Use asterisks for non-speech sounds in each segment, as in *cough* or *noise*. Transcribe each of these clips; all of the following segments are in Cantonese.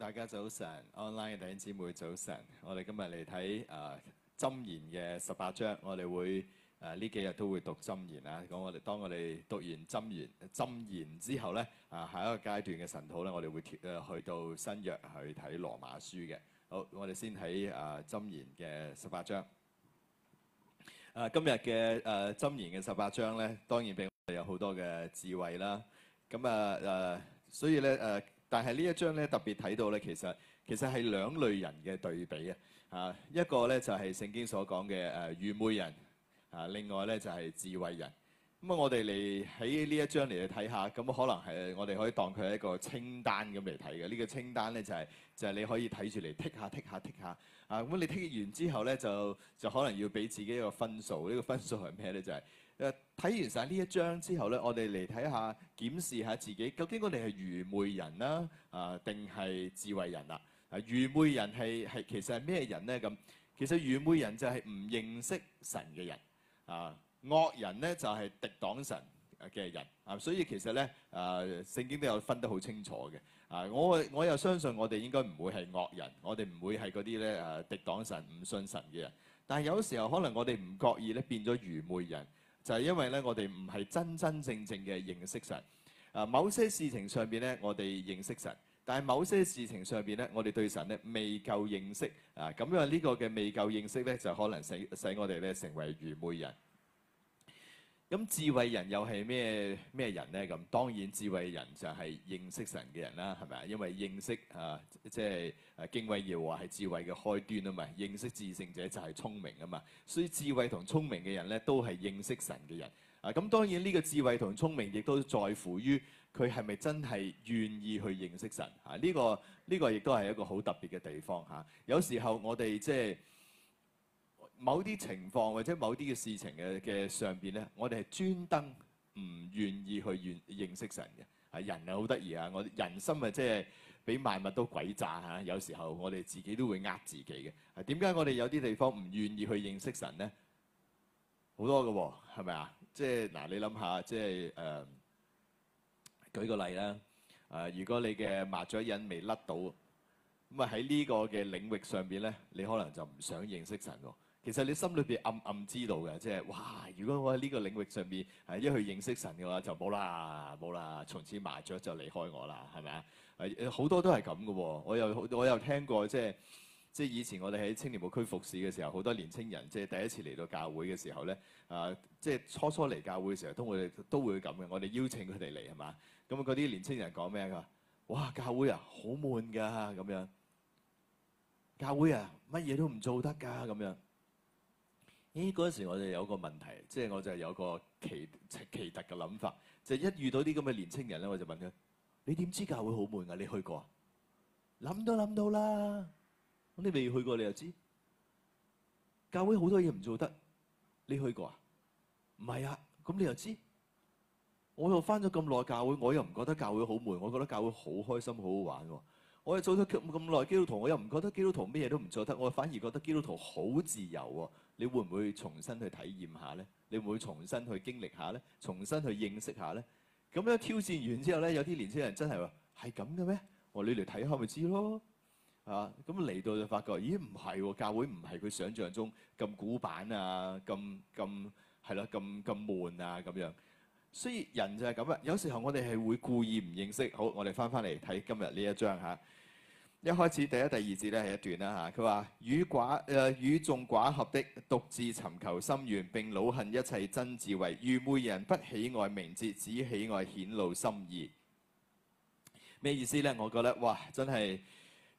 大家早晨，online 嘅弟兄姊妹早晨。我哋今日嚟睇啊箴言嘅十八章。我哋會誒呢、呃、幾日都會讀箴言啊。咁我哋當我哋讀完箴言箴言之後咧，啊下一個階段嘅神討咧，我哋會誒去到新約去睇羅馬書嘅。好，我哋先睇啊箴言嘅十八章。啊、呃，今日嘅誒箴言嘅十八章咧，當然俾我哋有好多嘅智慧啦。咁啊誒，所以咧誒。呃但係呢一章咧特別睇到咧，其實其實係兩類人嘅對比啊！啊，一個咧就係聖經所講嘅誒愚昧人啊，另外咧就係智慧人。咁啊，我哋嚟喺呢一章嚟睇下，咁可能係我哋可以當佢係一個清單咁嚟睇嘅。呢個清單咧就係就係你可以睇住嚟剔下剔下剔下啊！咁你剔完之後咧就就可能要俾自己一個分數。呢個分數係咩咧？就係。誒睇完晒呢一章之後咧，我哋嚟睇下檢視下自己，究竟我哋係愚昧人啦啊，定、啊、係智慧人啊？啊愚昧人係係其實係咩人咧？咁其實愚昧人就係唔認識神嘅人啊。惡人咧就係、係、敵擋神嘅人啊。所以其實咧誒、啊、聖經都有分得好清楚嘅啊。我我又相信我哋應該唔會係惡人，我哋唔會係嗰啲咧誒敵擋神、唔信神嘅人。但係有時候可能我哋唔覺意咧變咗愚昧人。就係因為咧，我哋唔係真真正正嘅認識神啊，某些事情上邊咧，我哋認識神，但係某些事情上邊咧，我哋對神咧未夠認識啊，咁樣呢個嘅未夠認識咧，就可能使使我哋咧成為愚昧人。咁智慧人又係咩咩人呢？咁當然智慧人就係認識神嘅人啦，係咪啊？因為認識啊，即係敬畏耶和華係智慧嘅開端啊嘛。認識至聖者就係聰明啊嘛。所以智慧同聰明嘅人咧，都係認識神嘅人啊。咁當然呢個智慧同聰明亦都在乎於佢係咪真係願意去認識神啊。呢個呢個亦都係一個好特別嘅地方嚇、啊。有時候我哋即係。某啲情況或者某啲嘅事情嘅嘅上邊咧，我哋係專登唔願意去願認識神嘅啊！人係，好得意啊！我人心咪即係比萬物都詭詐嚇。有時候我哋自己都會呃自己嘅啊！點解我哋有啲地方唔願意去認識神咧？好多㗎喎，係咪啊？即係嗱，你諗下，即係誒舉個例啦。誒，如果你嘅麻雀癮未甩到，咁啊喺呢個嘅領域上邊咧，你可能就唔想認識神喎。其實你心裏邊暗暗知道嘅，即係哇！如果我喺呢個領域上面，一去認識神嘅話，就冇啦，冇啦，從此麻雀就離開我啦，係咪啊？好多都係咁嘅喎。我又我又聽過，即係即係以前我哋喺青年部區服侍嘅時候，好多年青人即係第一次嚟到教會嘅時候咧，啊，即係初初嚟教會嘅時候都，都會都會咁嘅。我哋邀請佢哋嚟係嘛？咁嗰啲年青人講咩㗎？哇！教會啊，好悶㗎咁樣，教會啊，乜嘢都唔做得㗎咁樣。咦，嗰陣時我就有個問題，即係我就有個奇奇特嘅諗法，就係一遇到啲咁嘅年青人咧，我就問佢：你點知教會好悶嘅，啊？你去過，啊？諗都諗到啦。咁你未去過，你又知？教會好多嘢唔做得，你去過啊？唔係啊，咁你又知？我又返咗咁耐教會，我又唔覺得教會好悶，我覺得教會好開心，好好玩，啊，我又做咗咁耐基督徒，我又唔覺得基督徒咩嘢都唔做得，我反而覺得基督徒好自由，啊。你會唔會重新去體驗下咧？你會唔會重新去經歷下咧？重新去認識下咧？咁樣挑戰完之後咧，有啲年輕人真係話係咁嘅咩？我你嚟睇下咪知咯，啊！咁嚟到就發覺，咦？唔係喎，教會唔係佢想象中咁古板啊，咁咁係咯，咁咁悶啊咁樣。所以人就係咁啊，有時候我哋係會故意唔認識。好，我哋翻翻嚟睇今日呢一章吓。一開始第一、第二節咧係一段啦嚇，佢話與寡誒、呃、與眾寡合的，獨自尋求心願，並惱恨一切真智慧。愚昧人不喜愛明哲，只喜愛顯露心意。咩意思咧？我覺得哇，真係誒《箴、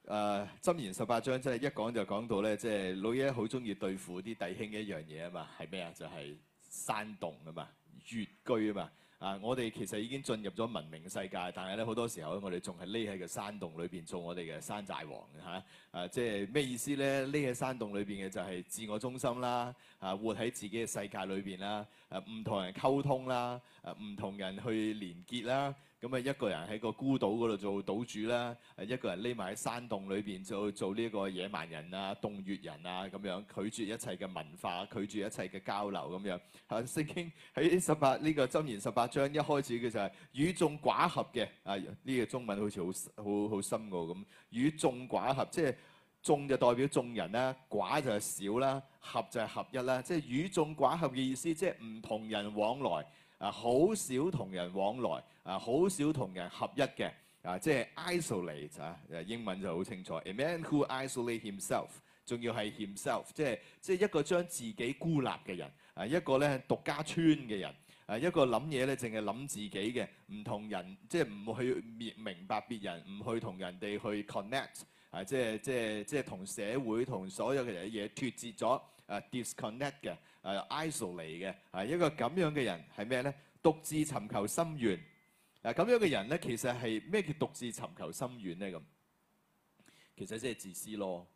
呃、言》十八章真係一講就講到咧，即、就、係、是、老爺好鍾意對付啲弟兄嘅一樣嘢啊嘛，係咩啊？就係、是、山洞啊嘛，穴居啊嘛。啊！我哋其實已經進入咗文明世界，但係咧好多時候咧，我哋仲係匿喺個山洞裏邊做我哋嘅山寨王嘅吓啊，即係咩意思咧？匿喺山洞裏邊嘅就係自我中心啦，啊，活喺自己嘅世界裏邊啦，啊，唔同人溝通啦，啊，唔同人去連結啦。咁啊，一個人喺個孤島嗰度做島主啦，啊，一個人匿埋喺山洞裏邊做做呢一個野蠻人啊、洞穴人啊咁樣，拒絕一切嘅文化，拒絕一切嘅交流咁樣。啊，聖經喺十八呢個箴言十八章一開始嘅就係與眾寡合嘅啊，呢個中文好似好好好深㗎喎咁。與眾寡合，即係眾就代表眾人啦，寡就係少啦，合就係合一啦。即係與眾寡合嘅意思，即係唔同人往來。啊，好少同人往來，啊，好少同人合一嘅，啊，即係 isolate 啊，英文就好清楚，A man who isolate himself，仲要係 himself，即係即係一個將自己孤立嘅人，啊，一個咧獨家村嘅人，啊，一個諗嘢咧淨係諗自己嘅，唔同人，即係唔去滅明白別人，唔去同人哋去 connect，啊，即係即係即係同社會同所有嘅嘢脫節咗，啊，disconnect 嘅。誒 isol 嚟嘅，係、啊、一個咁樣嘅人係咩咧？獨自尋求心願。嗱、啊、咁樣嘅人咧，其實係咩叫獨自尋求心願咧？咁其實即係自私咯，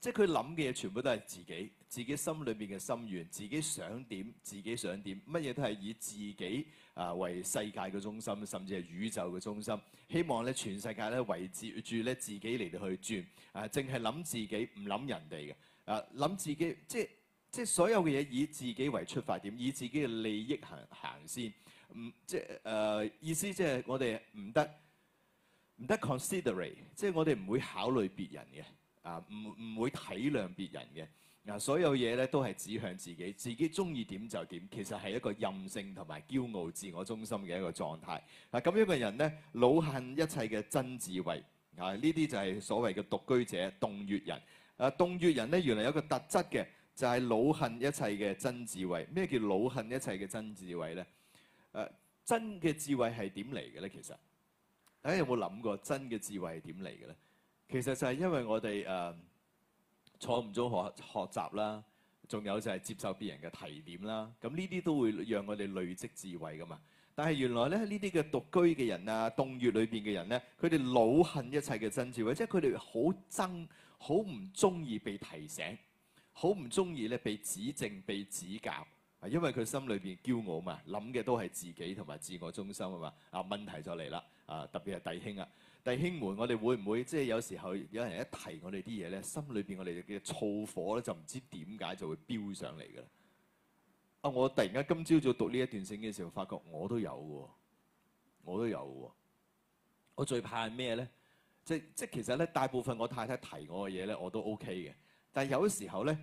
即係佢諗嘅嘢全部都係自己，自己心裏邊嘅心願，自己想點，自己想點，乜嘢都係以自己啊為世界嘅中心，甚至係宇宙嘅中心，希望咧全世界咧圍住住咧自己嚟到去轉，啊，淨係諗自己，唔諗人哋嘅，啊，諗自己即係。即係所有嘅嘢以自己為出發點，以自己嘅利益行行先。唔即係誒意思即係，即係我哋唔得唔得 considerate，即係我哋唔會考慮別人嘅啊，唔唔會體諒別人嘅啊。所有嘢咧都係指向自己，自己中意點就點。其實係一個任性同埋驕傲、自我中心嘅一個狀態啊。咁樣嘅人咧，老恨一切嘅真智慧啊。呢啲就係所謂嘅獨居者、洞穴人啊。洞穴人咧，原來有個特質嘅。就係、是、老恨一切嘅真智慧。咩叫老恨一切嘅真智慧咧？誒、呃，真嘅智慧係點嚟嘅咧？其實，大家有冇諗過真嘅智慧係點嚟嘅咧？其實就係因為我哋誒、呃、坐唔中學學習啦，仲有就係接受別人嘅提點啦。咁呢啲都會讓我哋累積智慧㗎嘛。但係原來咧，呢啲嘅獨居嘅人啊，洞穴裏邊嘅人咧，佢哋老恨一切嘅真智慧，即係佢哋好憎，好唔鍾意被提醒。好唔中意咧被指正、被指教，啊，因為佢心裏邊驕傲嘛，諗嘅都係自己同埋自我中心啊嘛。啊，問題就嚟啦，啊，特別係弟兄啊，弟兄們，我哋會唔會即係有時候有人一提我哋啲嘢咧，心裏邊我哋嘅燥火咧就唔知點解就會飆上嚟㗎喇。啊，我突然間今朝早讀呢一段聖經嘅時候，發覺我都有喎，我都有喎。我最怕係咩咧？即即其實咧，大部分我太太提我嘅嘢咧，我都 OK 嘅。但係有啲時候咧，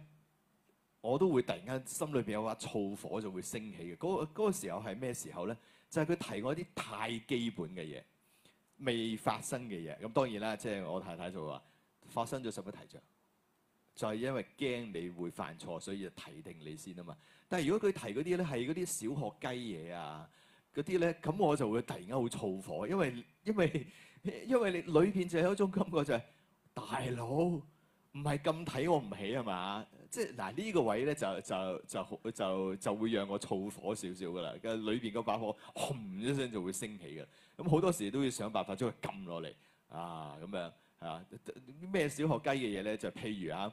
我都會突然間心裏邊有下燥火就會升起嘅。嗰、那個時候係咩時候咧？就係、是、佢提我一啲太基本嘅嘢，未發生嘅嘢。咁當然啦，即、就、係、是、我太太就會話：發生咗使乜提著？就係、是、因為驚你會犯錯，所以就提定你先啊嘛。但係如果佢提嗰啲咧係嗰啲小學雞嘢啊，嗰啲咧咁我就會突然間會燥火，因為因為因為你裏邊就有一種感覺就係、是、大佬。唔係咁睇我唔起吖嘛？即係嗱，呢個位咧，就就就就就會讓我燥火少少噶啦，嘅裏邊嗰把火轟一聲就會升起嘅。咁好多時都要想辦法將佢撳落嚟啊，咁樣係啊，咩小學雞嘅嘢咧？就譬如啊，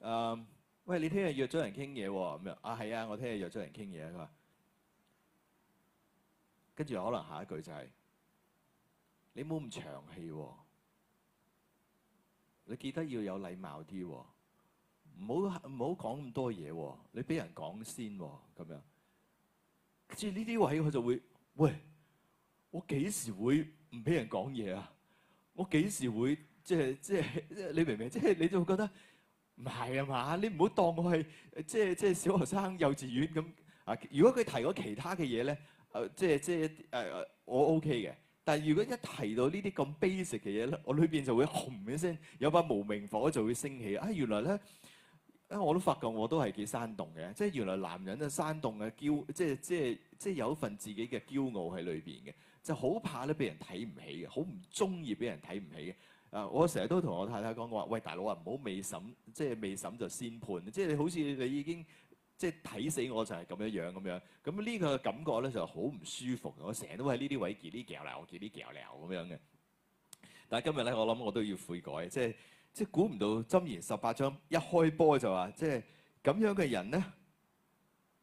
誒，喂，你聽日約咗人傾嘢喎，咁樣啊係啊，我聽日約咗人傾嘢佢話，跟住可能下一句就係你冇咁長氣喎。你記得要有禮貌啲，唔好唔好講咁多嘢。你俾人講先咁樣。跟住呢啲位，佢就會喂，我幾時會唔俾人講嘢啊？我幾時會即係即係即係你明唔明？即係你就覺得唔係啊嘛？你唔好當我係即係即係小學生幼稚園咁啊！如果佢提過其他嘅嘢咧，即係即係誒我 OK 嘅。但係如果一提到呢啲咁 basic 嘅嘢咧，我裏邊就會紅一聲，有把無名火就會升起。啊，原來咧，啊我都發覺我都係幾煽動嘅，即係原來男人嘅煽動嘅驕，即係即係即係有一份自己嘅驕傲喺裏邊嘅，就好怕咧俾人睇唔起嘅，好唔中意俾人睇唔起嘅。啊，我成日都同我太太講，我話喂，大佬啊，唔好未審，即係未審就先判，即係你好似你已經。即係睇死我就係咁樣樣咁樣，咁呢個感覺咧就好唔舒服。我成日都喺呢啲位叫啲鳩嚟，我叫啲鳩嚟咁樣嘅。但係今日咧，我諗我都要悔改。即係即係估唔到《箴言》十八章一開波就話，即係咁樣嘅人咧，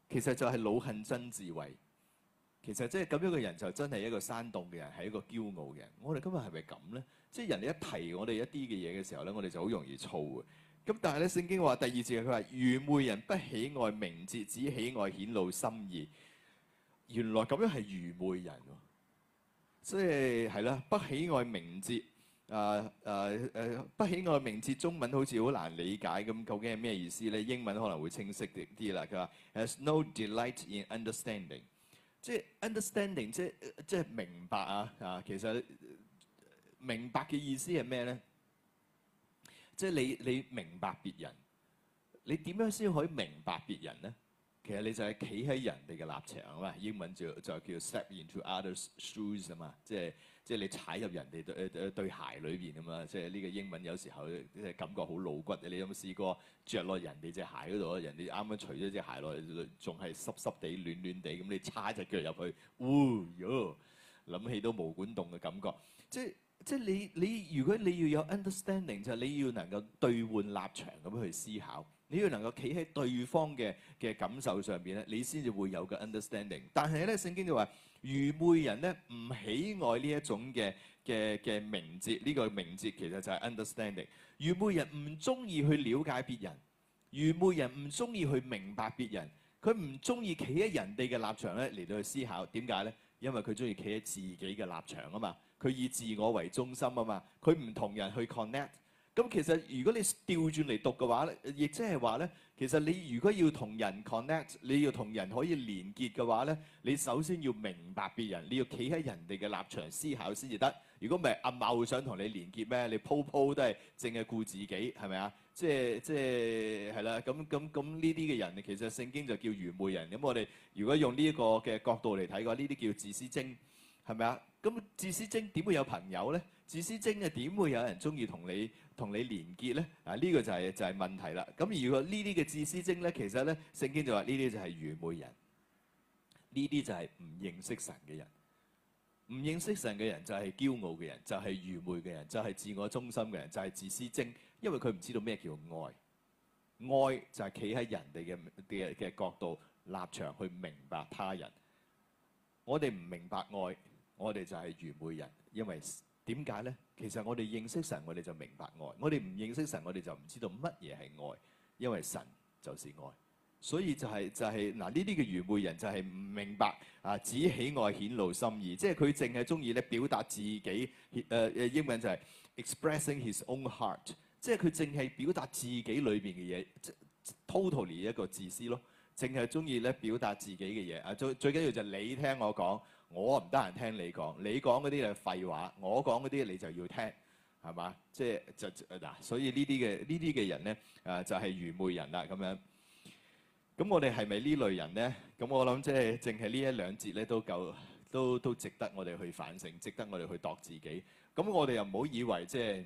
其實就係惱恨真智慧。其實即係咁樣嘅人就真係一個山洞嘅人，係一個驕傲嘅人。我哋今日係咪咁咧？即係人哋一提我哋一啲嘅嘢嘅時候咧，我哋就好容易躁嘅。咁但係咧，聖經話第二節，佢話愚昧人不喜愛明哲，只喜愛顯露心意。原來咁樣係愚昧人喎。所以係啦，不喜愛明哲，啊啊誒，不喜愛明哲。中文好似好難理解咁，究竟係咩意思咧？英文可能會清晰啲啲啦。佢話 has no delight in understanding，即係 understanding，即係即係明白啊啊！其實明白嘅意思係咩咧？即係你你明白別人，你點樣先可以明白別人咧？其實你就係企喺人哋嘅立場啊嘛。英文就就叫 step into other's shoes 啊嘛。即係即係你踩入人哋、呃、對鞋裏邊啊嘛。即係呢個英文有時候即係感覺好露骨。你有冇試過着落人哋隻鞋嗰度？人哋啱啱除咗隻鞋落嚟，仲係濕濕地暖暖地咁，你插隻腳入去，喎、哦、喲，諗、呃、起都毛管棟嘅感覺。即係。即係你你如果你要有 understanding 就係你要能夠兌換立場咁去思考，你要能夠企喺對方嘅嘅感受上邊咧，你先至會有個 understanding。但係咧，聖經就話愚昧人咧唔喜愛呢一種嘅嘅嘅明哲，呢個明哲其實就係 understanding。愚昧人唔中意去了解別人，愚昧人唔中意去明白別人，佢唔中意企喺人哋嘅立場咧嚟到去思考，點解咧？因為佢中意企喺自己嘅立場啊嘛。佢以自我為中心啊嘛，佢唔同人去 connect。咁其實如果你調轉嚟讀嘅話咧，亦即係話咧，其實你如果要同人 connect，你要同人可以連結嘅話咧，你首先要明白別人，你要企喺人哋嘅立場思考先至得。如果唔係，阿茂會想同你連結咩？你鋪鋪都係淨係顧自己，係咪啊？即係即係係啦。咁咁咁呢啲嘅人，其實聖經就叫愚昧人。咁我哋如果用呢個嘅角度嚟睇嘅話，呢啲叫自私精，係咪啊？咁自私精點會有朋友咧？自私精啊，點會有人鍾意同你同你連結咧？啊，呢個就係就係問題啦。咁如果呢啲嘅自私精咧，其實咧聖經就話呢啲就係愚昧人，呢啲就係唔認識神嘅人，唔認識神嘅人就係驕傲嘅人，就係愚昧嘅人，就係自我中心嘅人，就係自私精，因為佢唔知道咩叫愛。愛就係企喺人哋嘅嘅角度立場去明白他人。我哋唔明白愛。我哋就係愚昧人，因為點解咧？其實我哋認識神，我哋就明白愛；我哋唔認識神，我哋就唔知道乜嘢係愛。因為神就是愛，所以就係就係嗱呢啲嘅愚昧人就係唔明白啊！只喜愛顯露心意，即係佢淨係中意咧表達自己。誒誒英文就係 expressing his own heart，即係佢淨係表達自己裏邊嘅嘢，即 totally 一個自私咯，淨係中意咧表達自己嘅嘢。啊，最最緊要就係你聽我講。我唔得閒聽你講，你講嗰啲就係廢話，我講嗰啲你就要聽，係嘛？即係就嗱、是，所以人呢啲嘅呢啲嘅人咧，誒就係、是、愚昧人啦咁樣。咁我哋係咪呢類人咧？咁我諗即係淨係呢一兩節咧都夠，都都值得我哋去反省，值得我哋去度自己。咁我哋又唔好以為即係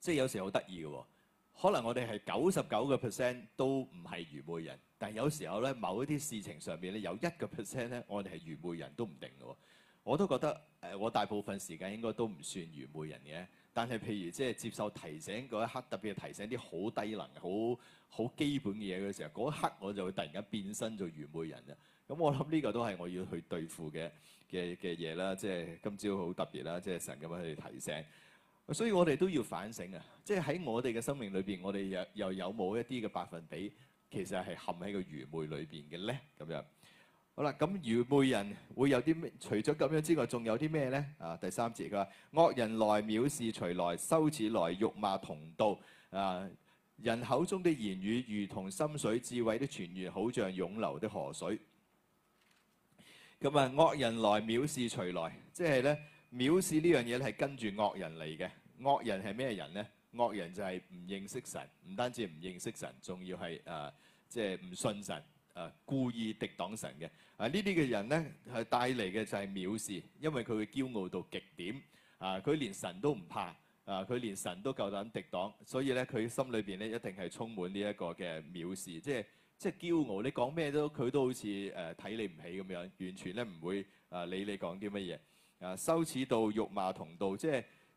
即係有時好得意嘅喎。可能我哋係九十九個 percent 都唔係愚昧人，但係有時候咧，某一啲事情上邊咧有一個 percent 咧，我哋係愚昧人都唔定嘅。我都覺得誒，我大部分時間應該都唔算愚昧人嘅，但係譬如即係接受提醒嗰一刻，特別係提醒啲好低能、好好基本嘅嘢嘅時候，嗰一刻我就會突然間變身做愚昧人嘅。咁我諗呢個都係我要去對付嘅嘅嘅嘢啦。即係今朝好特別啦，即係神咁樣去提醒。所以我哋都要反省啊！即係喺我哋嘅生命裏邊，我哋又又有冇一啲嘅百分比，其實係陷喺個愚昧裏邊嘅咧？咁樣好啦，咁愚昧人會有啲咩？除咗咁樣之外，仲有啲咩咧？啊，第三節佢話：惡人來藐視隨來，羞恥來辱罵同到。啊，人口中的言語，如同深水智慧的泉源，好像湧流的河水。咁啊，惡人來藐視隨來，即係咧藐視呢樣嘢係跟住惡人嚟嘅。惡人係咩人呢？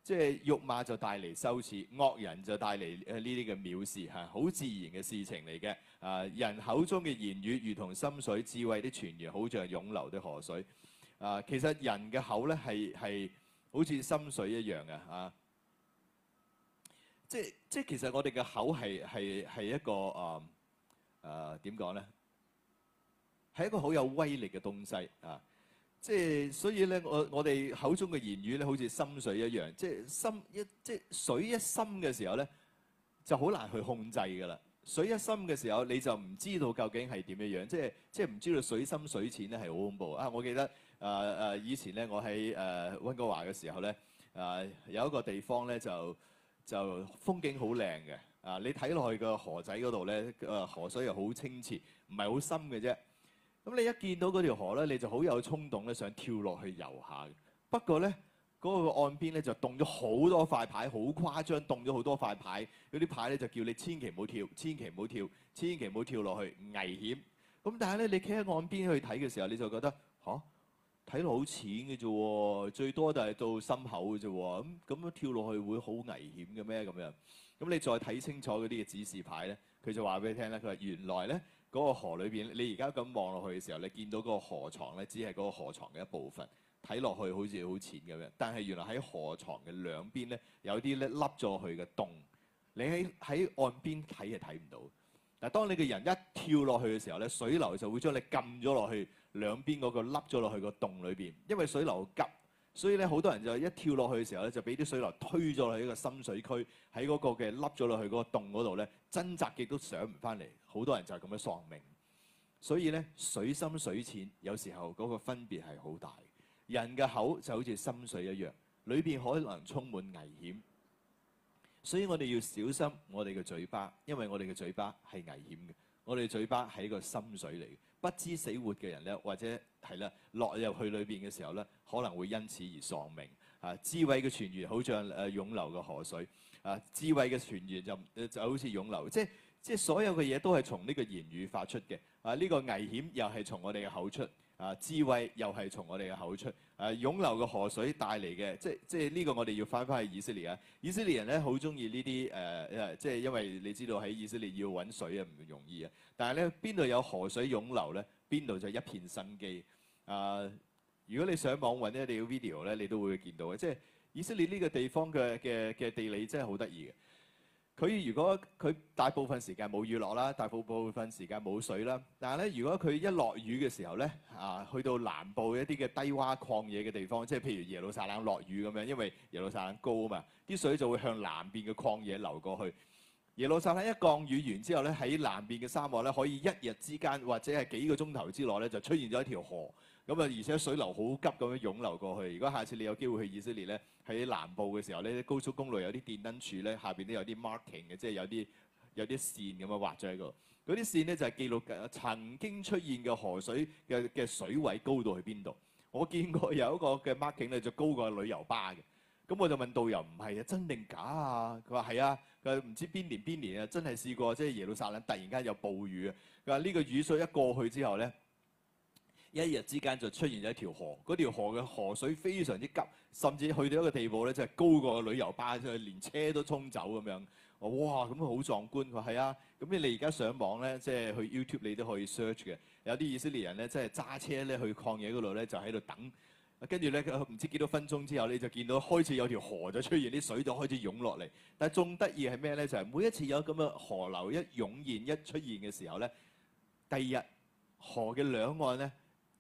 即係辱罵就帶嚟羞恥，惡人就帶嚟誒呢啲嘅藐視嚇，好自然嘅事情嚟嘅。啊，人口中嘅言語，如同深水智慧的泉源，好像湧流的河水。啊，其實人嘅口咧係係好似深水一樣嘅啊。即即其實我哋嘅口係係係一個啊啊點講咧？係、呃、一個好有威力嘅東西啊！即係所以咧，我我哋口中嘅言語咧，好似深水一樣。即係深一，即係水一深嘅時候咧，就好難去控制㗎啦。水一深嘅時候，你就唔知道究竟係點樣樣。即係即係唔知道水深水淺咧，係好恐怖啊！我記得誒誒以前咧，我喺誒溫哥華嘅時候咧，誒有一個地方咧就就風景好靚嘅。啊，你睇落去個河仔嗰度咧，誒河水又好清澈，唔係好深嘅啫。咁你一見到嗰條河咧，你就好有衝動咧，想跳落去遊下嘅。不過咧，嗰個岸邊咧就動咗好多塊牌，好誇張，動咗好多塊牌。嗰啲牌咧就叫你千祈唔好跳，千祈唔好跳，千祈唔好跳落去，危險。咁但係咧，你企喺岸邊去睇嘅時候，你就覺得吓，睇落好淺嘅啫，最多就係到心口嘅啫。咁咁樣跳落去會好危險嘅咩？咁樣。咁你再睇清楚嗰啲嘅指示牌咧，佢就話俾你聽咧，佢話原來咧。嗰個河裏邊，你而家咁望落去嘅時候，你見到嗰個河床咧，只係嗰個河床嘅一部分，睇落去好似好淺咁樣。但係原來喺河床嘅兩邊咧，有啲咧凹咗去嘅洞，你喺喺岸邊睇係睇唔到。但係當你嘅人一跳落去嘅時候咧，水流就會將你撳咗落去兩邊嗰個凹咗落去個洞裏邊，因為水流急。所以咧，好多人就一跳落去嘅時候咧，就俾啲水流推咗落去一個深水區，喺嗰個嘅凹咗落去嗰個洞嗰度咧，掙扎極都上唔翻嚟。好多人就係咁樣喪命。所以咧，水深水淺，有時候嗰個分別係好大。人嘅口就好似深水一樣，裏邊可能充滿危險。所以我哋要小心我哋嘅嘴巴，因為我哋嘅嘴巴係危險嘅。我哋嘴巴係一個深水嚟。不知死活嘅人呢，或者係啦，落入去裏面嘅時候呢，可能會因此而喪命。啊，智慧嘅傳言好像誒，湧流嘅河水。啊，智慧嘅傳言就就好似湧流，即係即係所有嘅嘢都係從呢個言語發出嘅。啊，呢個危險又係從我哋嘅口出。啊，智慧又係從我哋嘅口出。誒、啊、湧流嘅河水帶嚟嘅，即係即係呢個我哋要翻翻去以色列啊！以色列人咧，好中意呢啲誒、呃，即係因為你知道喺以色列要揾水啊，唔容易啊，但係咧邊度有河水湧流咧，邊度就一片生機。啊、呃，如果你想上網揾一啲 video 咧，你都會見到嘅，即係以色列呢個地方嘅嘅嘅地理真係好得意嘅。佢如果佢大部分時間冇雨落啦，大部部分時間冇水啦，但係咧，如果佢一落雨嘅時候咧，啊，去到南部一啲嘅低窪曠野嘅地方，即係譬如耶路撒冷落雨咁樣，因為耶路撒冷高啊嘛，啲水就會向南邊嘅曠野流過去。耶路撒冷一降雨完之後咧，喺南邊嘅沙漠咧，可以一日之間或者係幾個鐘頭之內咧，就出現咗一條河。咁啊，而且水流好急咁樣湧流過去。如果下次你有機會去以色列咧，喺南部嘅時候咧，高速公路有啲電燈柱咧，下邊都有啲 marking 嘅，即係有啲有啲線咁樣畫咗喺度。嗰啲線咧就係記錄曾經出現嘅河水嘅嘅水位高到去邊度。我見過有一個嘅 marking 咧就高過旅遊巴嘅。咁我就問導遊：唔係啊，真定假啊？佢話：係啊，佢唔知邊年邊年啊，真係試過即係、就是、耶路撒冷突然間有暴雨啊！佢話呢個雨水一過去之後咧。一日之間就出現咗一條河，嗰條河嘅河水非常之急，甚至去到一個地步咧，就係高過旅遊巴，連車都沖走咁樣。哇，咁好壯觀！佢係啊，咁你而家上網咧，即係去 YouTube 你都可以 search 嘅，有啲以色列人咧，即係揸車咧去曠野嗰度咧，就喺度等。跟住咧，唔知幾多分鐘之後呢，你就見到開始有條河就出現，啲水就開始湧落嚟。但係仲得意係咩咧？就係每一次有咁嘅河流一湧現一出現嘅時候咧，第二日河嘅兩岸咧。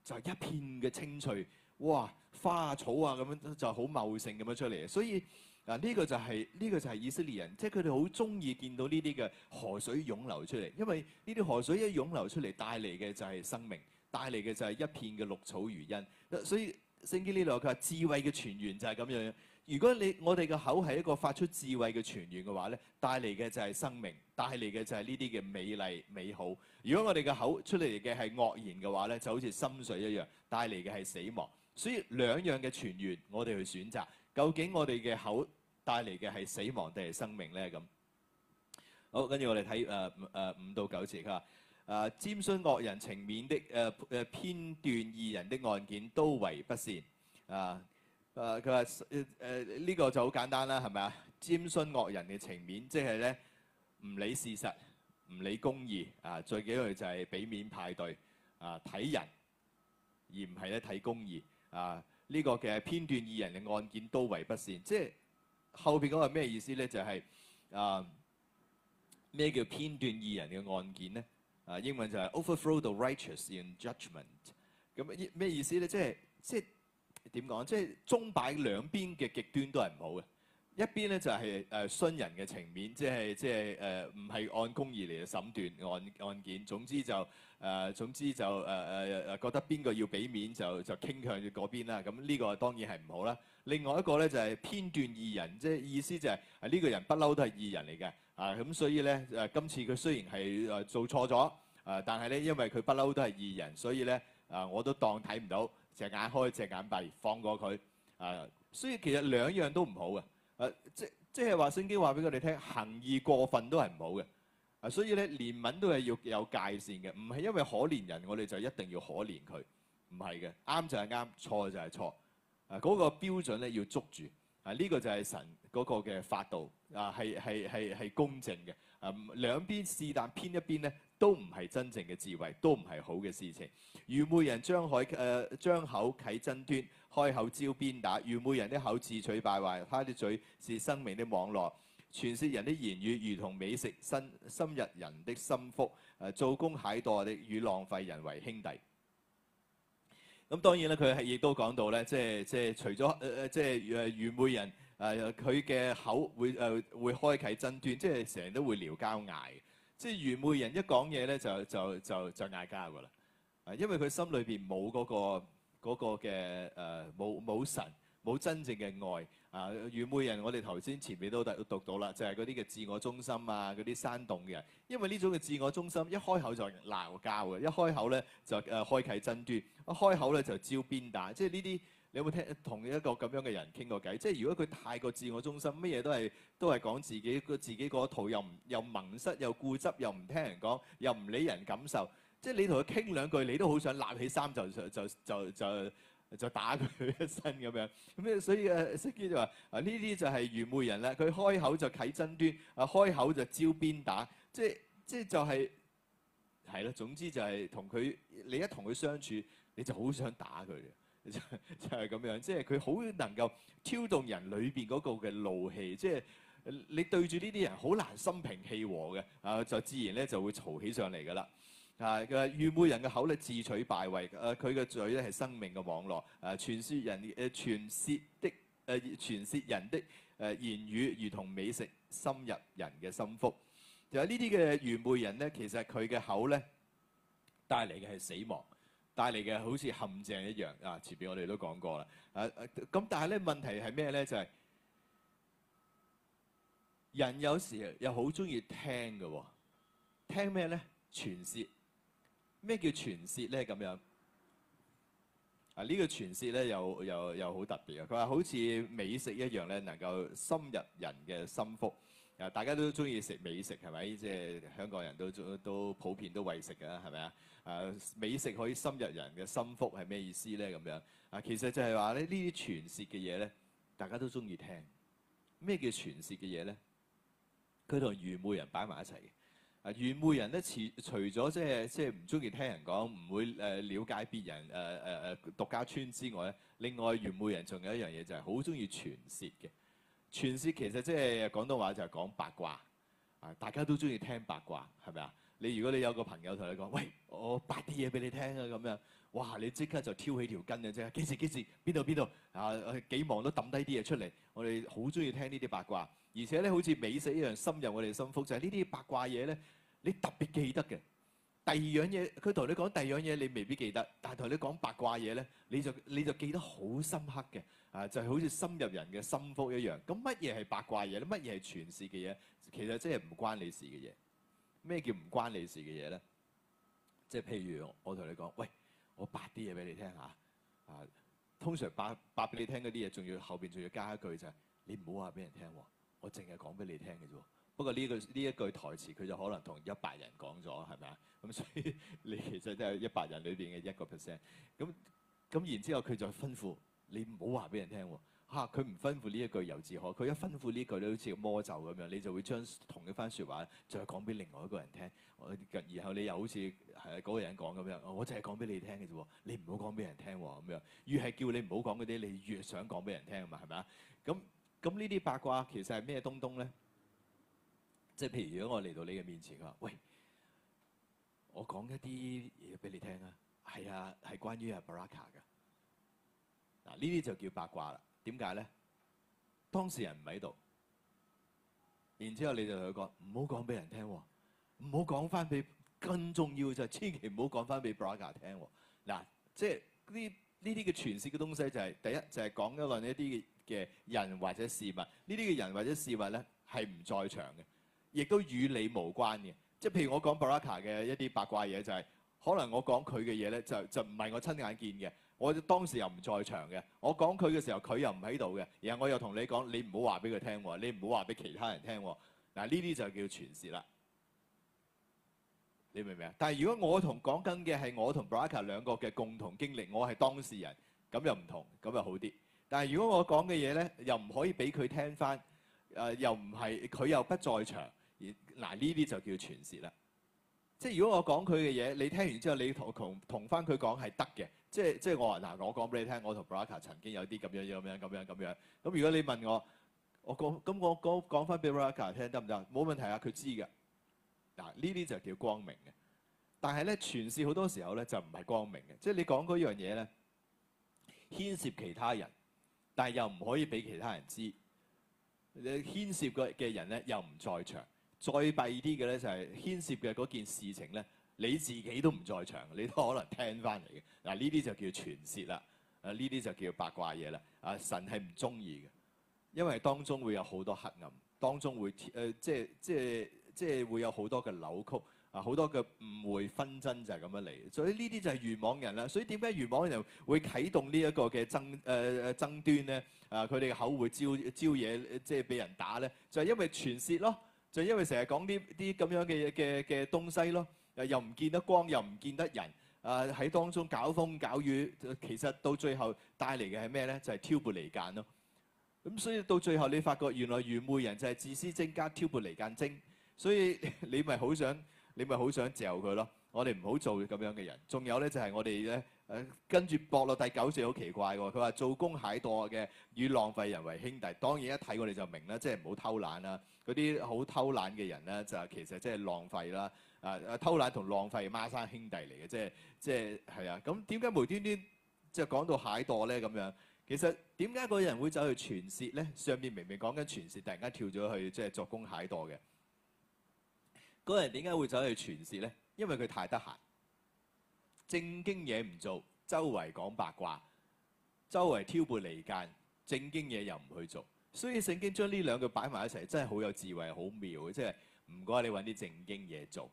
就係、一片嘅青翠，哇！花啊草啊咁樣就好、是、茂盛咁樣出嚟，所以啊呢、呢個就係、是、呢、呢個就係以色列人，即係佢哋好中意見到呢啲嘅河水湧流出嚟，因為呢啲河水一湧流出嚟帶嚟嘅就係生命，帶嚟嘅就係一片嘅綠草如茵。所以聖經呢度佢話智慧嘅泉源就係咁樣。如果你我哋嘅口係一個發出智慧嘅泉源嘅話咧，帶嚟嘅就係生命，帶嚟嘅就係呢啲嘅美麗美好。如果我哋嘅口出嚟嘅係惡言嘅話咧，就好似深水一樣，帶嚟嘅係死亡。所以兩樣嘅泉源，我哋去選擇，究竟我哋嘅口帶嚟嘅係死亡定係生命咧？咁好，跟住我哋睇誒誒五到九節啊。誒、呃，瞻徇惡人情面的誒誒偏斷，義、呃、人的案件都為不善啊。呃誒佢話誒誒呢個就好簡單啦，係咪啊？瞻徇惡人嘅情面，即係咧唔理事實，唔理公義啊！最緊要就係俾面派對啊，睇人而唔係咧睇公義啊！呢、這個嘅偏斷義人嘅案件都為不善，即係後邊嗰個咩意思咧？就係、是、啊咩叫偏斷義人嘅案件咧？啊英文就係 overthrow the righteous in judgment 咁、啊、咩意思咧？即係即係。點講？即係鐘擺兩邊嘅極端都係唔好嘅。一邊咧就係誒徇人嘅情面，即係即係誒唔係按公義嚟審斷案案件。總之就誒、呃、總之就誒誒誒覺得邊個要俾面就就傾向嗰邊啦。咁呢個當然係唔好啦。另外一個咧就係、是、偏斷義人，即係意思就係、是、呢、這個人不嬲都係義人嚟嘅啊。咁所以咧誒，今次佢雖然係誒做錯咗誒，但係咧因為佢不嬲都係義人，所以咧啊我都當睇唔到。隻眼開隻眼閉，放過佢啊！所以其實兩樣都唔好嘅。誒、啊，即即係話聖經話俾佢哋聽，行義過分都係唔好嘅。啊，所以咧憐憫都係要有界線嘅，唔係因為可憐人，我哋就一定要可憐佢，唔係嘅。啱就係啱，錯就係錯。啊，嗰個標準咧要捉住。啊，呢個就係神嗰個嘅法度啊，係係係係公正嘅。誒、啊，兩邊是但偏一邊咧，都唔係真正嘅智慧，都唔係好嘅事情。愚昧人張、呃、口誒張口啟爭端，開口招鞭打。愚昧人的口自取敗壞，他的嘴是生命的網絡，傳説人的言語如同美食，深深入人的心腹。誒、呃，做工懈惰的與浪費人為兄弟。咁當然啦，佢係亦都講到咧，即係即係除咗誒誒，即係、呃、愚昧人誒，佢、呃、嘅口會誒、呃、會開啟爭端，即係成日都會聊交嗌。即係愚昧人一講嘢咧，就就就就嗌交噶啦！啊，因為佢心裏邊冇嗰個嗰個嘅誒，冇、呃、冇神，冇真正嘅愛。啊，愚昧人！我哋頭先前面都讀讀到啦，就係嗰啲嘅自我中心啊，嗰啲山洞嘅人。因為呢種嘅自我中心，中心一開口就鬧交嘅，一開口咧就誒開啟爭端，一開口咧就招鞭打。即係呢啲，你有冇聽同一個咁樣嘅人傾過偈？即係如果佢太過自我中心，乜嘢都係都係講自己，個自己套又唔又矇塞，又固執，又唔聽人講，又唔理人感受。即係你同佢傾兩句，你都好想立起衫就就就就。就就就就就打佢一身咁樣，咁所以誒，聖經就話啊呢啲就係愚昧人咧，佢開口就啟爭端，啊開口就招鞭打，即係即係就係係啦。總之就係同佢，你一同佢相處，你就好想打佢嘅，就係咁樣。即係佢好能夠挑動人裏邊嗰個嘅怒氣，即係你對住呢啲人好難心平氣和嘅，啊就自然咧就會嘈起上嚟噶啦。啊！嘅愚昧人嘅口咧，自取敗壞。誒，佢嘅嘴咧係生命嘅網絡。誒，傳舌人誒傳舌的誒傳舌人的誒言語，如同美食，深入人嘅心腹。就係呢啲嘅愚昧人咧，其實佢嘅口咧帶嚟嘅係死亡，帶嚟嘅好似陷阱一樣。啊，前面我哋都講過啦。誒誒，咁但係咧，問題係咩咧？就係人有時又好中意聽嘅，聽咩咧？傳舌。咩叫傳舌咧？咁樣啊，呢個傳舌咧又又又好特別嘅。佢話好似美食一樣咧，能夠深入人嘅心腹。啊，大家都中意食美食，係咪？即係香港人都都都普遍都為食嘅啦，係咪啊？啊，美食可以深入人嘅心腹係咩意思咧？咁樣啊，其實就係話咧，呢啲傳舌嘅嘢咧，大家都中意聽。咩叫傳舌嘅嘢咧？佢同愚昧人擺埋一齊。啊，愚昧人咧，除除咗即係即係唔中意聽人講，唔會誒瞭、呃、解別人誒誒誒獨家村之外咧，另外愚昧人仲有一樣嘢就係好中意傳説嘅。傳説其實即係廣東話就係講八卦啊，大家都中意聽八卦，係咪啊？你如果你有個朋友同你講，喂，我八啲嘢俾你聽啊，咁樣，哇！你即刻就挑起條筋嘅啫，幾時幾時，邊度邊度啊？幾忙都抌低啲嘢出嚟，我哋好中意聽呢啲八卦。而且咧，好似美食一樣，深入我哋心腹，就係呢啲八卦嘢咧。你特別記得嘅第二樣嘢，佢同你講第二樣嘢，你未必記得，但係同你講八卦嘢咧，你就你就記得好深刻嘅啊！就係好似深入人嘅心腹一樣。咁乜嘢係八卦嘢？乜嘢係傳舌嘅嘢？其實即係唔關你事嘅嘢。咩叫唔關你事嘅嘢咧？即係譬如我同你講，喂，我八啲嘢俾你聽下啊。通常八八俾你聽嗰啲嘢，仲要後邊仲要加一句就係：你唔好話俾人聽。啊。我淨係講俾你聽嘅啫喎，不過呢句呢一句台詞佢就可能同一百人講咗，係咪啊？咁所以你其實都係一百人裏邊嘅一個 percent。咁咁然之後佢就吩咐你唔好話俾人聽喎。嚇、啊，佢唔吩咐呢一句尤自可，佢一吩咐呢句咧，好似個魔咒咁樣，你就會將同一番説話再講俾另外一個人聽。然後你又好似係嗰個人講咁樣，我淨係講俾你聽嘅啫喎，你唔好講俾人聽喎咁樣。越係叫你唔好講嗰啲，你越想講俾人聽啊嘛，係咪啊？咁。咁呢啲八卦其實係咩東東咧？即係譬如如果我嚟到你嘅面前啊，喂，我講一啲嘢俾你聽啊，係啊，係關於 Baraka 嘅。嗱呢啲就叫八卦啦。點解咧？當事人唔喺度，然之後你就同佢講唔好講俾人聽，唔好講翻俾，更重要就千祈唔好講翻俾 Baraka 聽。嗱，即係呢呢啲嘅傳説嘅東西就係、是、第一就係、是、講一論一啲。嘅。嘅人或者事物，呢啲嘅人或者事物呢，係唔在場嘅，亦都與你無關嘅。即係譬如我講 Baraka 嘅一啲八卦嘢，就是，就係可能我講佢嘅嘢呢，就就唔係我親眼見嘅，我當時又唔在場嘅，我講佢嘅時候佢又唔喺度嘅，然後我又同你講，你唔好話俾佢聽，你唔好話俾其他人聽。嗱呢啲就叫傳説啦。你明唔明啊？但係如果我同講緊嘅係我同 Baraka 兩個嘅共同經歷，我係當事人，咁又唔同，咁又好啲。但係如果我講嘅嘢咧，又唔可以俾佢聽翻，誒、呃、又唔係佢又不在場，而嗱呢啲就叫傳舌啦。即係如果我講佢嘅嘢，你聽完之後，你同同翻佢講係得嘅，即係即係我話嗱、啊，我講俾你聽，我同布拉卡曾經有啲咁樣樣樣咁樣咁樣。咁如果你問我，我講咁我講講翻俾布拉卡聽得唔得？冇問題啊，佢知㗎。嗱呢啲就叫光明嘅。但係咧傳舌好多時候咧就唔係光明嘅，即係你講嗰樣嘢咧牽涉其他人，但係又唔可以俾其他人知，牽涉嘅嘅人咧又唔在場。再弊啲嘅咧就係牽涉嘅嗰件事情咧，你自己都唔在場，你都可能聽翻嚟嘅。嗱呢啲就叫傳説啦，啊呢啲就叫八卦嘢啦。啊神係唔中意嘅，因為當中會有好多黑暗，當中會誒、呃、即係即係即係會有好多嘅扭曲，啊！好多嘅誤會紛爭就係咁樣嚟，所以呢啲就係愚妄人啦。所以點解愚妄人會啟動呢一個嘅爭誒誒爭端咧？啊，佢哋嘅口會招招嘢，即係俾人打咧，就係因為傳説咯，就係因為成日講啲啲咁樣嘅嘅嘅東西咯。誒，又唔見得光，又唔見得人。啊，喺當中搞風搞雨，其實到最後帶嚟嘅係咩咧？就係挑撥離間咯。咁所以到最後你發覺，原來愚昧人就係自私精加挑撥離間精，所以你咪好想。你咪好想嚼佢咯？我哋唔好做咁樣嘅人。仲有咧就係我哋咧，誒跟住駁落第九節好奇怪喎。佢話做工懈怠嘅，與浪費人為兄弟。當然一睇我哋就明啦，即係唔好偷懶啦。嗰啲好偷懶嘅人咧，就其實即係浪費啦。誒誒偷懶同浪費，孖生兄弟嚟嘅，即係即係係啊。咁點解無端端即係講到懈怠咧咁樣？其實點解個人會走去傳舌咧？上面明明講緊傳舌，突然間跳咗去即係做工懈怠嘅。嗰人點解會走去傳説呢？因為佢太得閒，正經嘢唔做，周圍講八卦，周圍挑撥離間，正經嘢又唔去做。所以聖經將呢兩個擺埋一齊，真係好有智慧，好妙嘅。即係唔該你揾啲正經嘢做，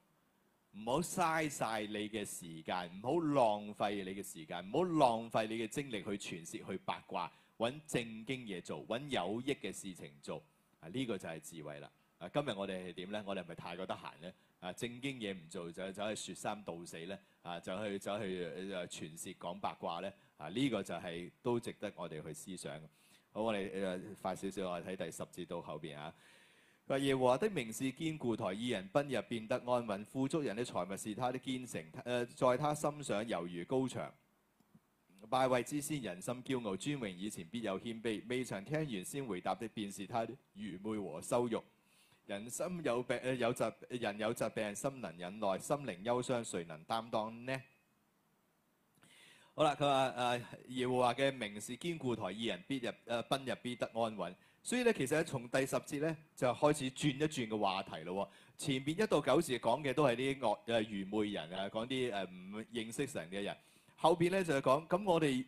唔好嘥晒你嘅時間，唔好浪費你嘅時間，唔好浪費你嘅精力去傳説、去八卦，揾正經嘢做，揾有益嘅事情做。啊，呢個就係智慧啦。啊！今日我哋係點咧？我哋係咪太過得閒咧？啊！正經嘢唔做，就走去説三道四咧。啊！就去走去誒傳説講八卦咧。啊！呢個就係、是、都值得我哋去思想。好，我哋誒、啊、快少少，我哋睇第十節到後邊嚇。啊、話耶和華的名是堅固台，二人奔入變得安穩，富足人的財物是他的堅城。誒，在他心想猶如高牆。敗壞之先人心驕傲尊榮，以前必有謙卑。未曾聽完先回答的，便是他的愚昧和羞辱。人心有病，誒有疾，人有疾病，心能忍耐，心靈憂傷，誰能擔當呢？好啦，佢話誒耶和華嘅名是堅固台，義人必入誒，奔、呃、入必得安穩。所以咧，其實咧，從第十節咧就開始轉一轉嘅話題咯。前邊一到九字講嘅都係啲惡誒愚昧人啊，講啲誒唔認識神嘅人，後邊咧就係講咁我哋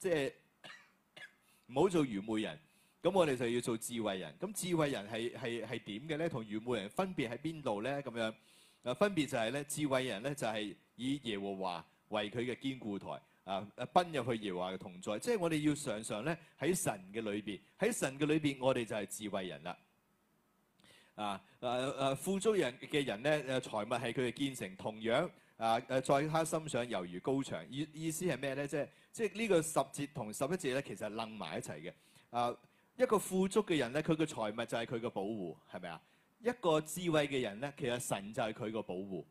即係唔好做愚昧人。咁我哋就要做智慧人。咁智慧人係係係點嘅咧？同愚昧人分別喺邊度咧？咁樣啊，分別就係咧，智慧人咧就係以耶和華為佢嘅堅固台啊！啊，奔入去耶和華嘅同在，即係我哋要常常咧喺神嘅裏邊，喺神嘅裏邊，我哋就係智慧人啦。啊啊啊！富足人嘅人咧，誒財物係佢嘅堅城，同樣啊誒在他心想猶如高牆。意意思係咩咧？即係即係呢個十節同十一節咧，其實係楞埋一齊嘅啊。一個富足嘅人咧，佢嘅財物就係佢嘅保護，係咪啊？一個智慧嘅人咧，其實神就係佢嘅保護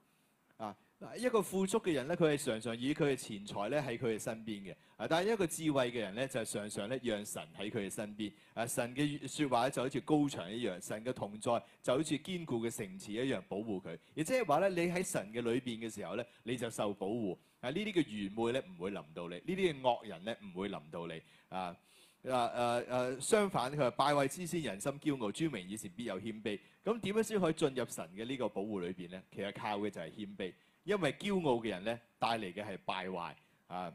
啊！一個富足嘅人咧，佢係常常以佢嘅錢財咧喺佢嘅身邊嘅，啊！但係一個智慧嘅人咧，就係常常咧讓神喺佢嘅身邊。啊！神嘅説話就好似高牆一樣，神嘅同在就好似堅固嘅城池一樣保護佢。亦即係話咧，你喺神嘅裏邊嘅時候咧，你就受保護。啊！呢啲嘅愚昧咧，唔會臨到你；呢啲嘅惡人咧，唔會臨到你。啊！佢話誒相反，佢話敗壞之先，人心驕傲；尊榮以前，必有謙卑。咁點樣先可以進入神嘅呢個保護裏邊咧？其實靠嘅就係謙卑，因為驕傲嘅人咧帶嚟嘅係敗壞啊誒誒、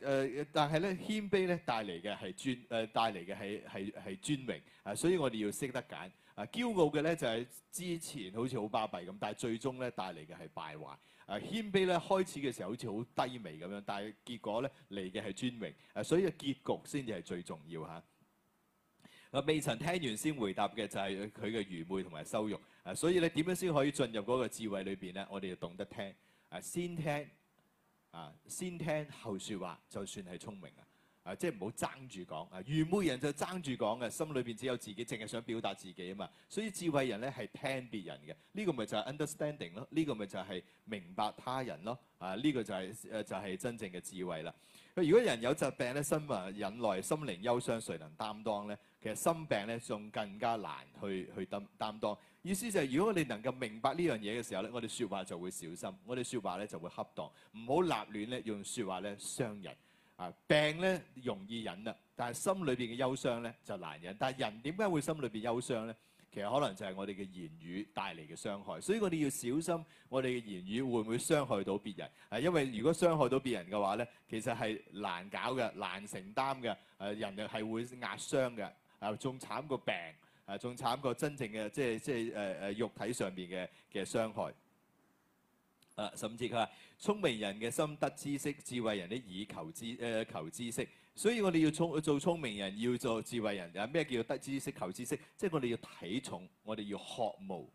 呃，但係咧謙卑咧帶嚟嘅係尊誒、呃、帶嚟嘅係係係尊榮啊，所以我哋要識得揀啊驕傲嘅咧就係、是、之前好似好巴閉咁，但係最終咧帶嚟嘅係敗壞。誒、啊、謙卑咧開始嘅時候好似好低微咁樣，但係結果咧嚟嘅係尊榮，所以結局先至係最重要啊，啊，未曾聽完先回答嘅就係佢嘅愚昧同埋羞辱、啊、所以你點樣先可以進入嗰個智慧裏面咧？我哋要懂得聽、啊、先聽啊，先聽後說話，就算係聰明啊。啊，即係唔好爭住講啊！愚昧人就爭住講嘅，心裏邊只有自己，淨係想表達自己啊嘛。所以智慧人咧係聽別人嘅，呢個咪就係 understanding 咯。呢個咪就係明白他人咯。啊，呢個就係誒就係真正嘅智慧啦。如果人有疾病咧，心能忍耐心靈憂傷，誰能擔當咧？其實心病咧仲更加難去去擔擔當。意思就係，如果你能夠明白呢樣嘢嘅時候咧，我哋説話就會小心，我哋説話咧就會恰當，唔好立亂咧用説話咧傷人。啊，病呢容易忍啊，但係心裏面嘅憂傷呢就難忍，但係人點解會心裏面憂傷呢？其實可能就係我哋嘅言語帶嚟嘅傷害，所以我哋要小心我哋嘅言語會唔會傷害到別人，因為如果傷害到別人嘅話呢，其實係難搞嘅，難承擔嘅，人係會壓傷嘅，啊，仲慘過病，仲慘過真正嘅，即係肉體上面嘅傷害。啊，甚至佢話：聰明人嘅心得知識，智慧人咧以求知誒求知識。所以我哋要聰做聰明人，要做智慧人。有咩叫得知識、求知識？即係我哋要睇重，我哋要渴慕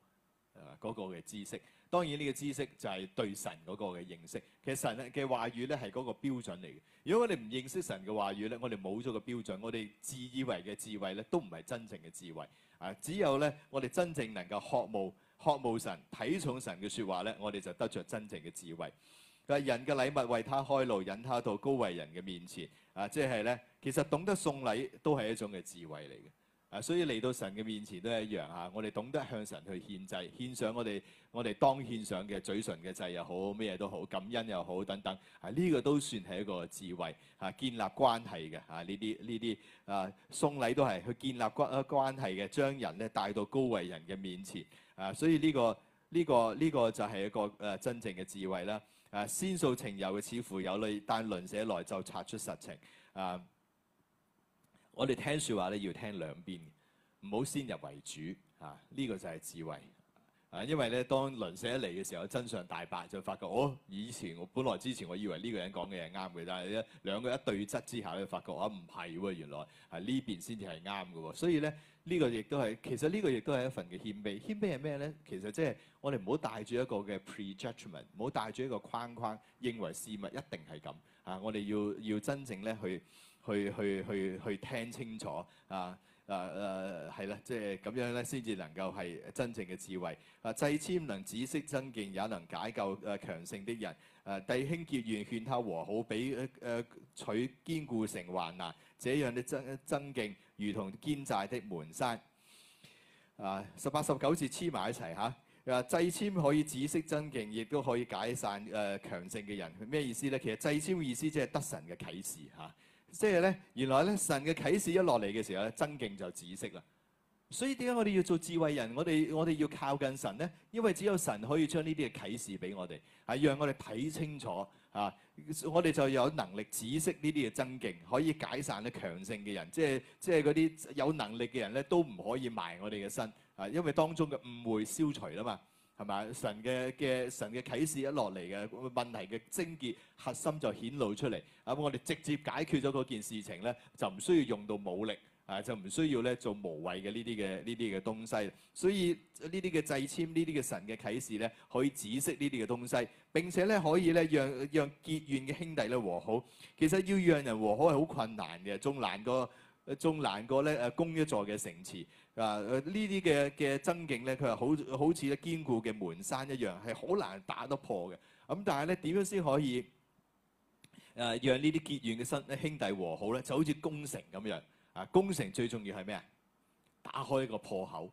嗰個嘅知識。當然呢個知識就係對神嗰個嘅認識。其實神嘅話語咧係嗰個標準嚟嘅。如果我哋唔認識神嘅話語咧，我哋冇咗個標準，我哋自以為嘅智慧咧都唔係真正嘅智慧。啊，只有咧我哋真正能夠渴慕。渴慕神、睇重神嘅説話咧，我哋就得着真正嘅智慧。人嘅禮物為他開路，引他到高位人嘅面前。啊，即係咧，其實懂得送禮都係一種嘅智慧嚟嘅。啊，所以嚟到神嘅面前都係一樣嚇。我哋懂得向神去獻祭，獻上我哋我哋當獻上嘅嘴唇嘅祭又好，咩嘢都好，感恩又好等等。啊，呢、呢個都算係一個智慧嚇、啊，建立關係嘅嚇。呢啲呢啲啊，送禮都係去建立關啊關係嘅，將人咧帶到高位人嘅面前。啊，所以呢個呢個呢個就係一個誒真正嘅智慧啦。誒先訴情由嘅似乎有理，但係鄰舍來就察出實情。啊，我哋聽説話咧要聽兩邊，唔好先入為主。啊，呢個就係智慧。啊，因為咧當鄰舍一嚟嘅時候，真相大白就發覺，哦，以前我本來之前我以為呢個人講嘅係啱嘅，但係咧兩個一對質之下，就發覺我唔係喎，原來係呢邊先至係啱嘅喎。所以咧。呢、這個亦都係，其實呢個亦都係一份嘅謙卑。謙卑係咩呢？其實即係我哋唔好帶住一個嘅 prejudgment，唔好帶住一個框框，認為事物一定係咁啊！我哋要要真正咧去去去去去聽清楚啊啊啊，係、啊、啦，即係咁樣咧，先至能夠係真正嘅智慧啊。掣籤能止息爭競，也能解救誒強勝的人。誒、啊，弟兄結怨，勸他和好，比誒、啊、取堅固城還難，這樣的爭爭競。如同堅寨的門閂、uh, 啊，十八十九節黐埋一齊嚇。又話掣籤可以止息爭競，亦都可以解散誒強勝嘅人。咩意思咧？其實掣籤嘅意思即係得神嘅啟示嚇、啊。即係咧，原來咧神嘅啟示一落嚟嘅時候咧，爭競就止息啦。所以點解我哋要做智慧人？我哋我哋要靠近神咧，因為只有神可以將呢啲嘅啟示俾我哋，係、啊、讓我哋睇清楚。啊！我哋就有能力止息呢啲嘅爭競，可以解散嘅強盛嘅人，即係即係嗰啲有能力嘅人咧，都唔可以埋我哋嘅身啊！因為當中嘅誤會消除啦嘛，係咪？神嘅嘅神嘅啟示一落嚟嘅問題嘅癥結核心就顯露出嚟，咁、啊、我哋直接解決咗嗰件事情咧，就唔需要用到武力。啊，就唔需要咧做無謂嘅呢啲嘅呢啲嘅東西，所以呢啲嘅祭籤，呢啲嘅神嘅啟示咧，可以止息呢啲嘅東西，並且咧可以咧讓讓結怨嘅兄弟咧和好。其實要讓人和好係好困難嘅，仲難過仲難過咧攻一座嘅城池。啊，呢啲嘅嘅爭競咧，佢係好好似咧堅固嘅門山一樣，係好難打得破嘅。咁、啊、但係咧點樣先可以誒、啊、讓呢啲結怨嘅新兄弟和好咧？就好似攻城咁樣。啊，攻城最重要係咩啊？打開一個破口，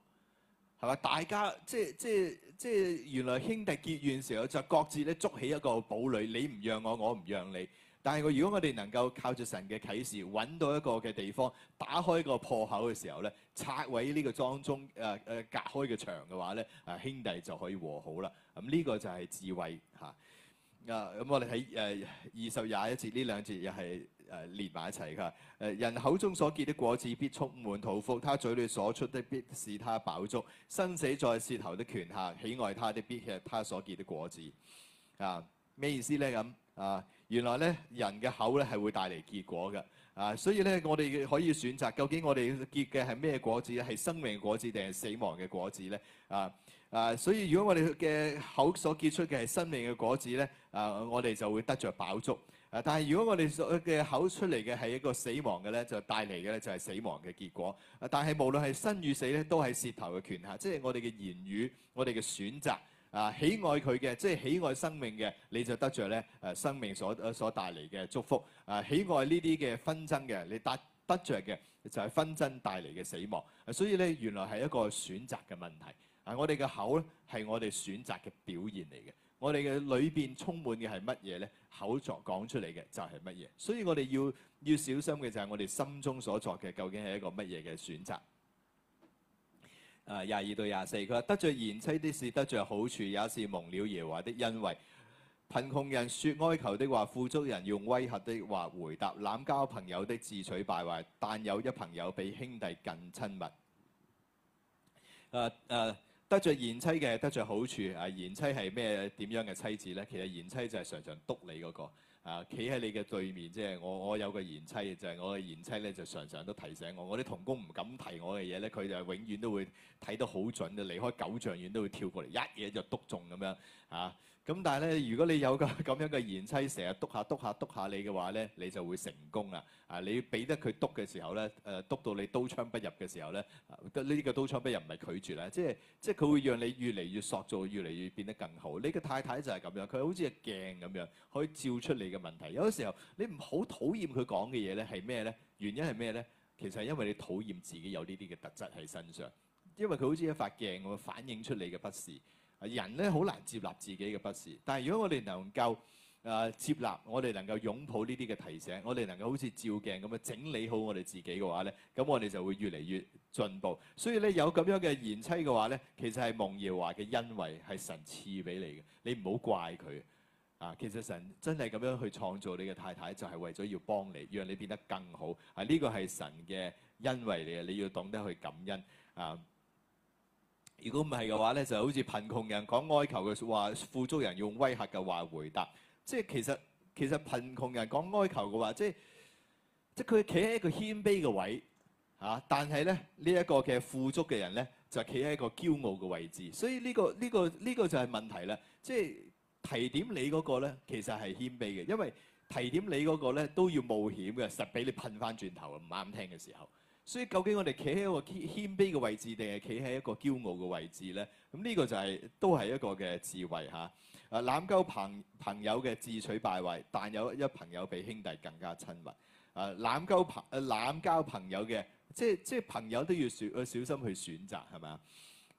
係嘛？大家即即即原來兄弟結怨嘅時候，就各自咧築起一個堡壘，你唔讓我，我唔讓你。但係如果我哋能夠靠住神嘅啟示，揾到一個嘅地方，打開一個破口嘅時候咧，拆毀呢個當中誒誒、啊、隔開嘅牆嘅話咧，啊兄弟就可以和好啦。咁、這、呢個就係智慧嚇。啊，咁我哋睇誒二十廿一節呢兩節又係。啊誒、呃、連埋一齊㗎！誒、呃、人口中所結的果子必充滿肚腹，他嘴裏所出的必使他飽足。生死在舌頭的權下，喜愛他的必吃他所結的果子。啊，咩意思咧？咁、嗯、啊，原來咧人嘅口咧係會帶嚟結果嘅。啊，所以咧我哋可以選擇，究竟我哋結嘅係咩果子？係生命的果子定係死亡嘅果子咧？啊啊！所以如果我哋嘅口所結出嘅係生命嘅果子咧，誒、啊、我哋就會得着飽足。但係如果我哋所嘅口出嚟嘅係一個死亡嘅咧，就帶嚟嘅咧就係死亡嘅結果。但係無論係生與死咧，都係舌頭嘅權限，即係我哋嘅言語，我哋嘅選擇。啊，喜愛佢嘅，即係喜愛生命嘅，你就得着咧誒生命所所帶嚟嘅祝福。啊，喜愛呢啲嘅紛爭嘅，你得得著嘅就係紛爭帶嚟嘅死亡。所以咧，原來係一個選擇嘅問題。啊，我哋嘅口咧係我哋選擇嘅表現嚟嘅。我哋嘅裏邊充滿嘅係乜嘢呢？口作講出嚟嘅就係乜嘢，所以我哋要要小心嘅就係我哋心中所作嘅究竟係一個乜嘢嘅選擇。誒廿二到廿四，佢話得罪賢妻的事，得罪好處也是蒙了耶和華的恩惠。貧窮人說哀求的話，富足人用威嚇的話回答。濫交朋友的自取敗壞，但有一朋友比兄弟更親密。誒誒。得着賢妻嘅得着好處啊！賢妻係咩？點樣嘅妻子咧？其實賢妻就係常常篤你嗰個啊，企喺你嘅對面，即係我我有個賢妻，就係我嘅賢妻咧，就常常都提醒我，我啲同工唔敢提我嘅嘢咧，佢就永遠都會睇得好準，離開九丈遠都會跳過嚟，一嘢就篤中咁樣啊！咁但係咧，如果你有個咁樣嘅賢妻，成日督下督下督下你嘅話咧，你就會成功啦！啊，你俾得佢督嘅時候咧，誒督到你刀槍不入嘅時候咧，得呢個刀槍不入唔係拒絕啦，即係即係佢會讓你越嚟越塑造，越嚟越變得更好。你嘅太太就係咁樣，佢好似係鏡咁樣，可以照出你嘅問題。有啲時候你唔好討厭佢講嘅嘢咧，係咩咧？原因係咩咧？其實係因為你討厭自己有呢啲嘅特質喺身上，因為佢好似一塊鏡咁，反映出你嘅不是。人咧，好難接納自己嘅不是，但係如果我哋能夠誒、呃、接納，我哋能夠擁抱呢啲嘅提醒，我哋能夠好似照鏡咁樣整理好我哋自己嘅話咧，咁我哋就會越嚟越進步。所以咧，有咁樣嘅賢妻嘅話咧，其實係蒙耶和華嘅恩惠，係神賜俾你嘅，你唔好怪佢啊！其實神真係咁樣去創造你嘅太太，就係、是、為咗要幫你，讓你變得更好。係、啊、呢、這個係神嘅恩惠嚟嘅，你要懂得去感恩啊！如果唔係嘅話咧，就好似貧窮人講哀求嘅話，富足人用威嚇嘅話回答。即係其實其實貧窮人講哀求嘅話，即係即係佢企喺一個謙卑嘅位嚇、啊，但係咧呢一個嘅富足嘅人咧就係企喺一個驕傲嘅位置。所以呢個呢個呢個就係問題啦。即係提點你嗰個咧，其實係謙卑嘅，因為提點你嗰個咧都要冒險嘅，實俾你噴翻轉頭啊！唔啱聽嘅時候。所以究竟我哋企喺一個謙卑嘅位置，定係企喺一個驕傲嘅位置呢？咁呢個就係、是、都係一個嘅智慧嚇。誒、啊，攬交朋朋友嘅自取敗壞，但有一朋友比兄弟更加親密。誒、啊，攬交朋誒攬交朋友嘅，即係即係朋友都要選小心去選擇係咪？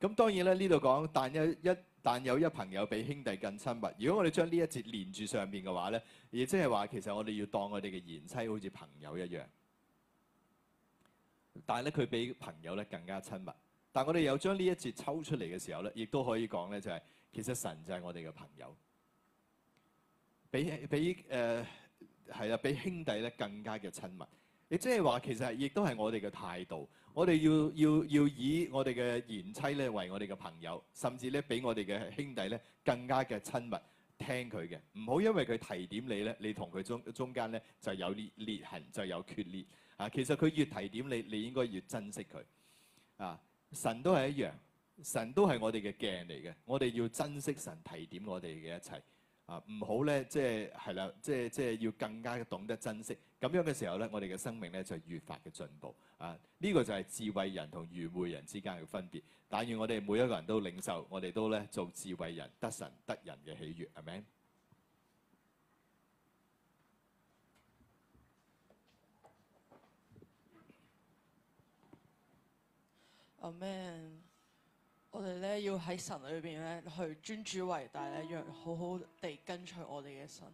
咁當然咧呢度講，但有一但有一朋友比兄弟更親密。如果我哋將呢一節連住上面嘅話呢，亦即係話其實我哋要當我哋嘅賢妻，好似朋友一樣。但係咧，佢比朋友咧更加親密。但係我哋有將呢一節抽出嚟嘅時候咧，亦都可以講咧、就係，就係其實神就係我哋嘅朋友，比比誒係啦，比兄弟咧更加嘅親密。亦即係話，其實亦都係我哋嘅態度。我哋要要要以我哋嘅賢妻咧為我哋嘅朋友，甚至咧比我哋嘅兄弟咧更加嘅親密，聽佢嘅。唔好因為佢提點你咧，你同佢中中間咧就有裂裂痕，就有決裂。啊，其實佢越提點你，你應該越珍惜佢。啊，神都係一樣，神都係我哋嘅鏡嚟嘅，我哋要珍惜神提點我哋嘅一切。啊，唔好咧，即係係啦，即係即係要更加懂得珍惜。咁樣嘅時候咧，我哋嘅生命咧就越發嘅進步。啊，呢個就係智慧人同愚昧人之間嘅分別。但願我哋每一個人都領受，我哋都咧做智慧人，得神得人嘅喜悅。阿們。咩、oh，我哋咧要喺神裏邊咧去尊主為大咧，要好好地跟隨我哋嘅神。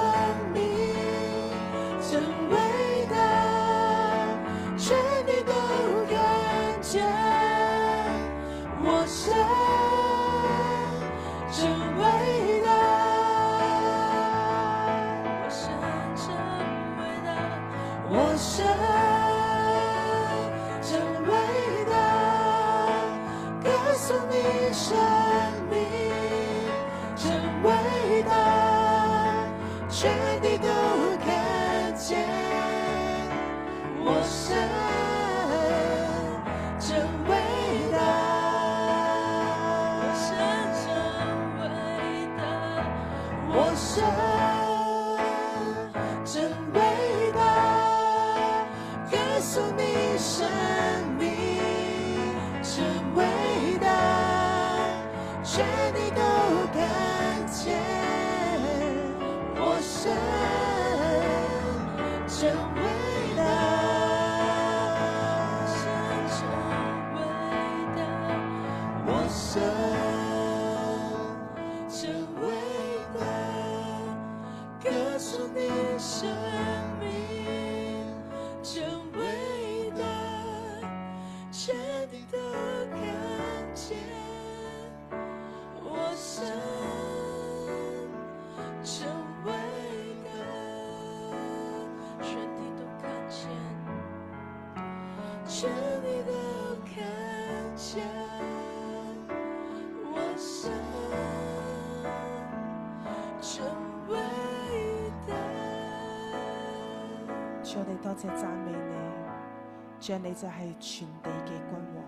我哋多謝讚美你，主你就係全地嘅君王，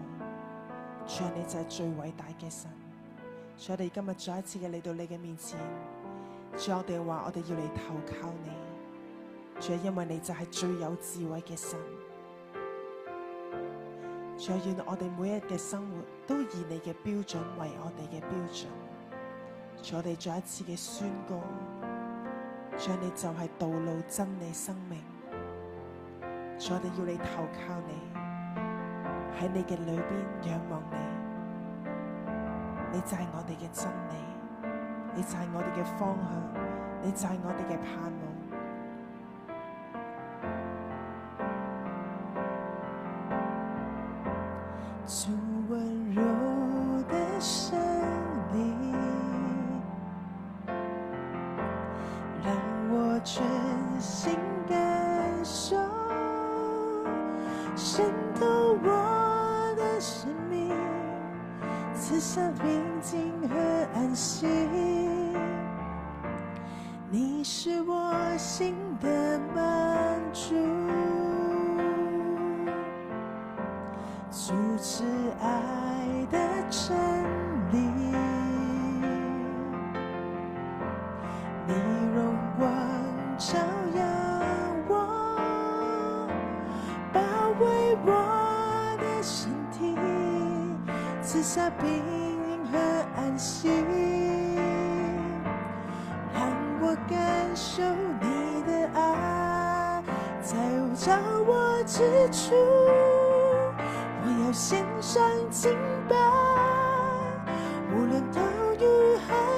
主你就係最偉大嘅神。主我哋今日再一次嘅嚟到你嘅面前，主我哋話我哋要嚟投靠你，主係因為你就係最有智慧嘅神。主願我哋每一日嘅生活都以你嘅標準為我哋嘅標準。我哋再一次嘅宣告，主你就係道路、真理、生命。所以我哋要你投靠你，喺你嘅裏邊仰望你，你就係我哋嘅真理，你就係我哋嘅方向，你就係我哋嘅盼望。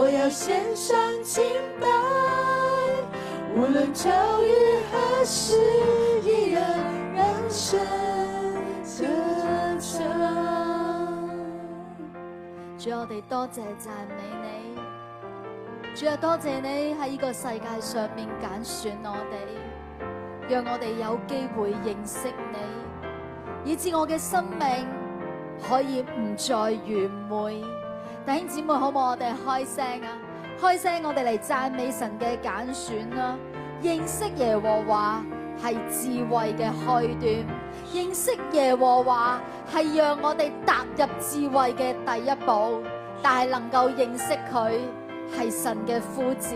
我要獻上清白，無論遭遇何時，依然人生得勝。主，要我哋多謝、謝讚美你。主要多謝、謝你喺呢個世界上面揀選我哋，讓我哋有機會認識你，以致我嘅生命可以唔再愚昧。弟兄姊妹，好唔好？我哋開聲啊，開聲，我哋嚟讚美神嘅揀選啦，啊！認識耶和華係智慧嘅開端，認識耶和華係讓我哋踏入智慧嘅第一步。但係能夠認識佢，係神嘅呼召，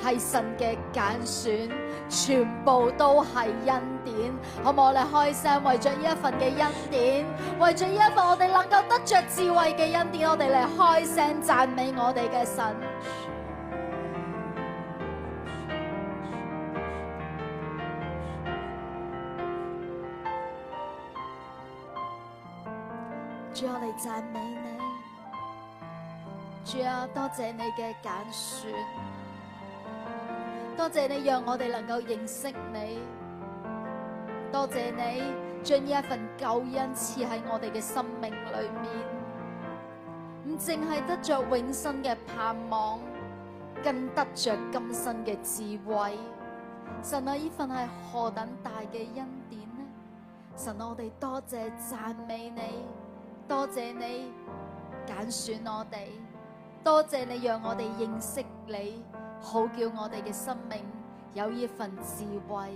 係神嘅揀選。全部都係恩典，好唔好？我哋開聲，為着呢一份嘅恩典，為着呢一份我哋能夠得着智慧嘅恩典，我哋嚟開聲讚美我哋嘅神。 *music* 主啊，嚟讚美你！主啊，多謝你嘅揀選。多謝你讓我哋能夠認識你，多謝你將呢一份救恩賜喺我哋嘅生命裏面，唔淨係得着永生嘅盼望，更得着今生嘅智慧。神啊，呢份係何等大嘅恩典呢？神啊，我哋多謝讚美你，多謝你揀選我哋，多謝你讓我哋認識你。好叫我哋嘅生命有一份智慧，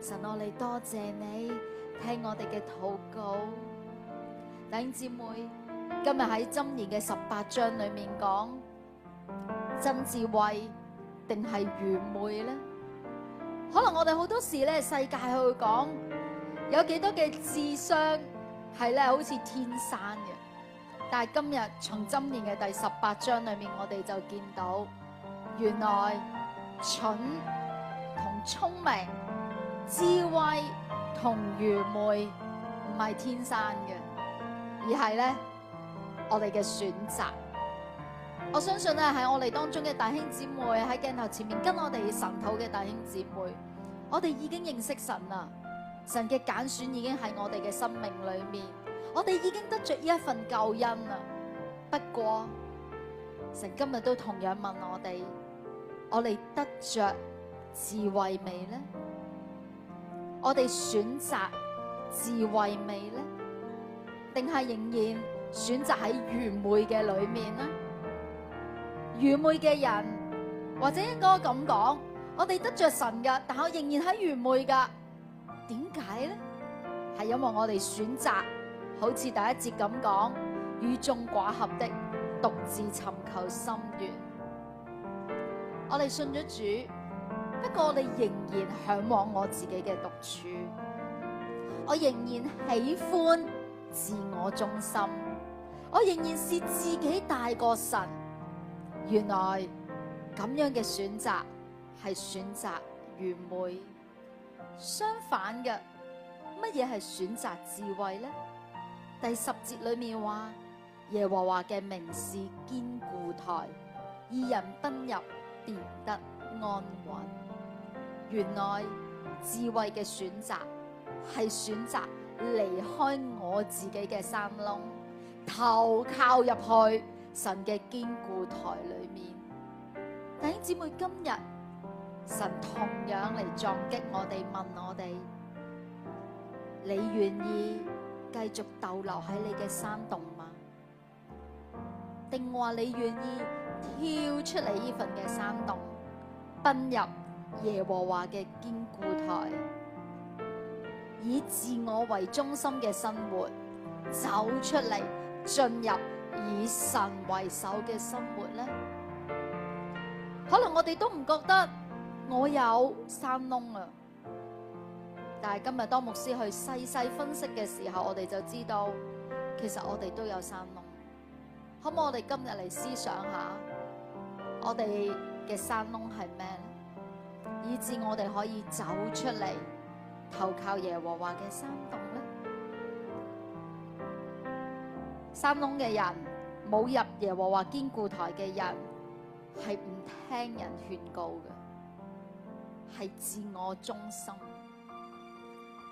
神，我哋多謝你聽我哋嘅禱告。弟兄姊妹，今日喺箴言嘅十八章裏面講真智慧定係愚昧咧？可能我哋好多時咧，世界去講有幾多嘅智商係咧好似天生嘅，但係今日從箴言嘅第十八章裏面，我哋就見到。原來蠢同聰明、智慧同愚昧唔係天生嘅，而係咧我哋嘅選擇。我相信咧喺我哋當中嘅弟兄姊妹喺鏡頭前面跟我哋神土嘅弟兄姊妹，我哋已經認識神啦，神嘅揀選已經喺我哋嘅生命裏面，我哋已經得着呢一份救恩啦。不過神今日都同樣問我哋。我哋得着智慧未呢？我哋選擇智慧未呢？定係仍然選擇喺愚昧嘅裏面呢？愚昧嘅人，或者應該咁講，我哋得着神嘅，但係我仍然喺愚昧噶，點解咧？係因為我哋選擇好似第一節咁講，與眾寡合的，獨自尋求心願。我哋信咗主，不過我哋仍然向往我自己嘅獨處，我仍然喜歡自我中心，我仍然是自己大過神。原來咁樣嘅選擇係選擇愚昧，相反嘅乜嘢係選擇智慧呢？第十節裏面話耶和華嘅名是堅固台，義人登入，變得安穩。原來智慧嘅選擇係選擇離開我自己嘅山窿，投靠入去神嘅堅固台裏面。弟兄姊妹，今日神同樣嚟撞擊我哋，問我哋：你願意繼續逗留喺你嘅山洞嗎？定話你願意？跳出嚟，呢份嘅山洞，奔入耶和華嘅堅固台，以自我為中心嘅生活，走出嚟進入以神為首嘅生活咧。可能我哋都唔覺得我有山窿啊，但係今日當牧師去細細分析嘅時候，我哋就知道其實我哋都有山窿，可唔可以我哋今日嚟思想一下？我哋嘅山窿係咩咧？以至我哋可以走出嚟，投靠耶和華嘅山，山洞咧？山窿嘅人冇入耶和華堅固台嘅人係唔聽人勸告嘅，係自我中心。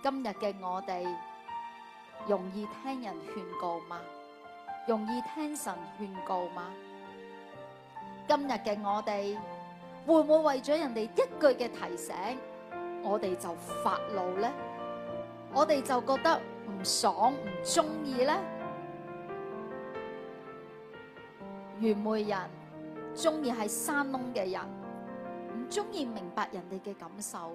今日嘅我哋容易聽人勸告嗎？容易聽神勸告嗎？今日嘅我哋會唔會為咗人哋一句嘅提醒，我哋就發怒咧？我哋就覺得唔爽唔中意咧？愚昧人中意喺山窿嘅人，唔中意明白人哋嘅感受，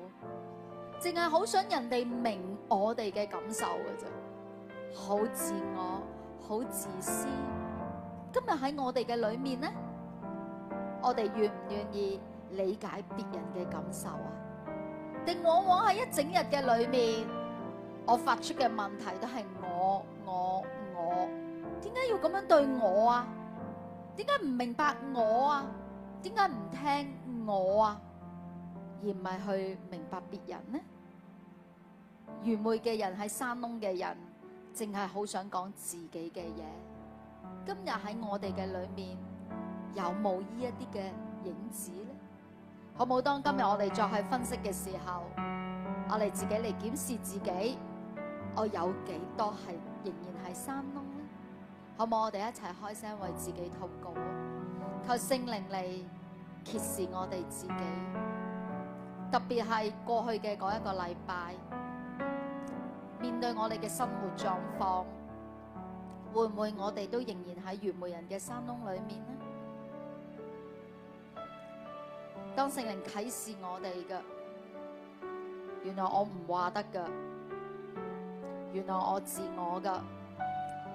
淨係好想人哋明我哋嘅感受嘅啫，好自我，好自私。今日喺我哋嘅裏面咧？我哋願唔願意理解別人嘅感受啊？定往往喺一整日嘅裏面，我發出嘅問題都係我我我，點解要咁樣對我啊？點解唔明白我啊？點解唔聽我啊？而唔係去明白別人呢？愚昧嘅人係山窿嘅人，淨係好想講自己嘅嘢。今日喺我哋嘅裏面。有冇呢一啲嘅影子咧？好唔好？當今日我哋再去分析嘅時候，我哋自己嚟檢視自己，我有幾多係仍然喺山窿咧？好冇？我哋一齊開聲為自己禱告，靠聖靈嚟揭示我哋自己。特別係過去嘅嗰一個禮拜，面對我哋嘅生活狀況，會唔會我哋都仍然喺愚昧人嘅山窿裏面呢？當聖靈啟示我哋嘅，原來我唔話得噶，原來我自我噶，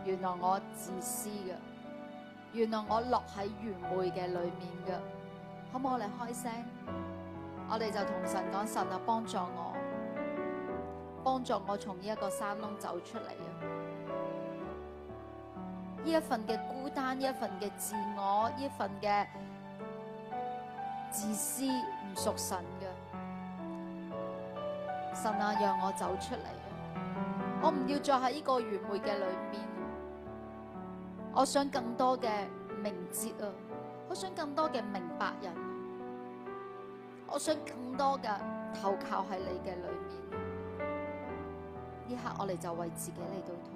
原來我自私噶，原來我落喺愚昧嘅裏面噶，可唔可以？我哋開聲，我哋就同神講，神啊，幫助我，幫助我從呢一個山窿走出嚟啊！呢一份嘅孤單，呢一份嘅自我，呢一份嘅。自私唔屬神嘅，神啊，讓我走出嚟啊！我唔要再喺呢個愚昧嘅裏面，我想更多嘅明哲啊，我想更多嘅明白人，我想更多嘅投靠喺你嘅裏面。呢刻我哋就為自己嚟到。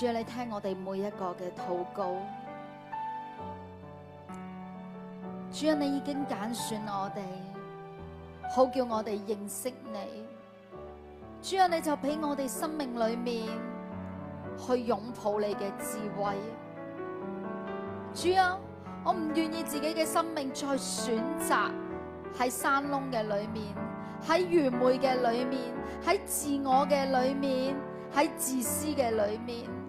主啊，你聽我哋每一個嘅禱告。主啊，你已經揀選我哋，好叫我哋認識你。主啊，你就俾我哋生命裏面去擁抱你嘅智慧。主啊，我唔願意自己嘅生命再選擇喺山窿嘅裏面，喺愚昧嘅裏面，喺自我嘅裏面，喺自私嘅裏面。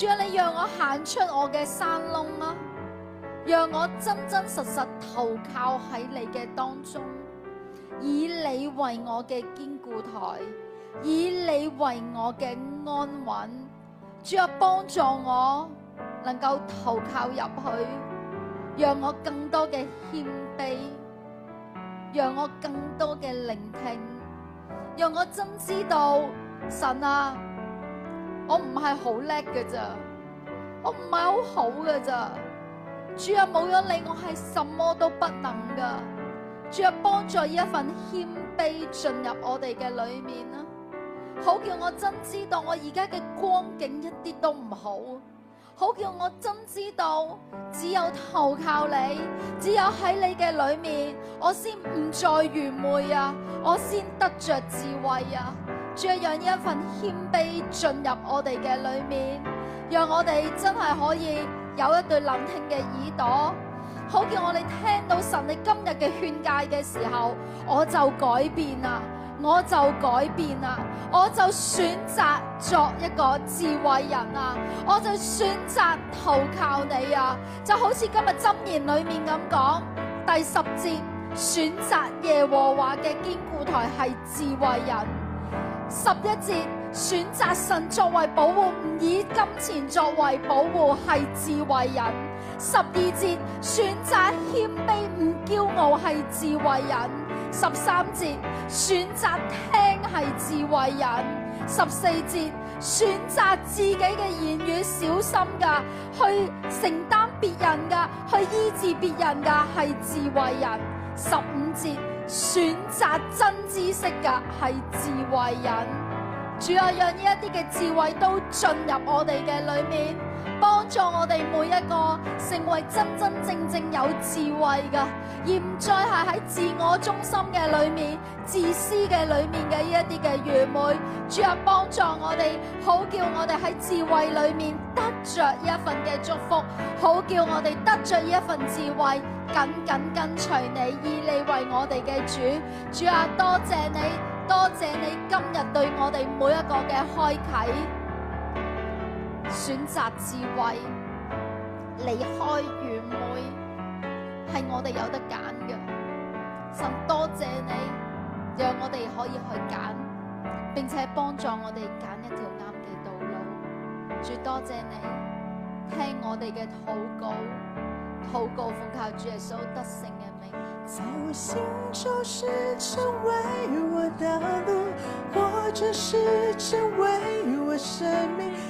主啊，你讓我行出我嘅山窿啊，讓我真真實實投靠喺你嘅當中，以你為我嘅堅固台，以你為我嘅安穩。主啊，幫助我能夠投靠入去，讓我更多嘅謙卑，讓我更多嘅聆聽，讓我真知道神啊。我唔係好叻嘅咋，我唔係好好嘅咋，主啊，冇咗你，我係什麼都不能噶。主啊，幫助依一份謙卑進入我哋嘅裏面啊。好叫我真知道我而家嘅光景一啲都唔好，好叫我真知道只有投靠你，只有喺你嘅裏面，我先唔再愚昧啊，我先得着智慧啊。讓呢一份謙卑進入我哋嘅裏面，讓我哋真係可以有一對聆聽嘅耳朵，好叫我哋聽到神你今日嘅勸誡嘅時候，我就改變啦，我就改變啦，我就選擇作一個智慧人啊，我就選擇投靠你啊，就好似今日箴言裏面咁講，第十節選擇耶和華嘅堅固台係智慧人。十一節選擇神作為保護，唔以金錢作為保護係智慧人。十二節選擇謙卑唔驕傲係智慧人。十三節選擇聽係智慧人。十四節選擇自己嘅言語小心㗎，去承擔別人㗎，去醫治別人㗎係智慧人。十五節。選擇真知識嘅係智慧人。主要讓呢一啲嘅智慧都進入我哋嘅裏面。幫助我哋每一個成為真真正正有智慧嘅，而唔再係喺自我中心嘅裏面，自私嘅裏面嘅一啲嘅愚昧。主啊，幫助我哋，好叫我哋喺智慧裏面得着一份嘅祝福，好叫我哋得着一份智慧，緊緊跟隨你，以你為我哋嘅主。主啊，多謝你，多謝你今日對我哋每一個嘅開啟。選擇智慧，離開愚昧，係我哋有得揀嘅。神，多謝你，讓我哋可以去揀，並且幫助我哋揀一條啱嘅道路。主，多謝你，聽我哋嘅禱告，禱告奉靠主耶穌得勝嘅名。在我心中，是成為我的路，或者是成為我生命。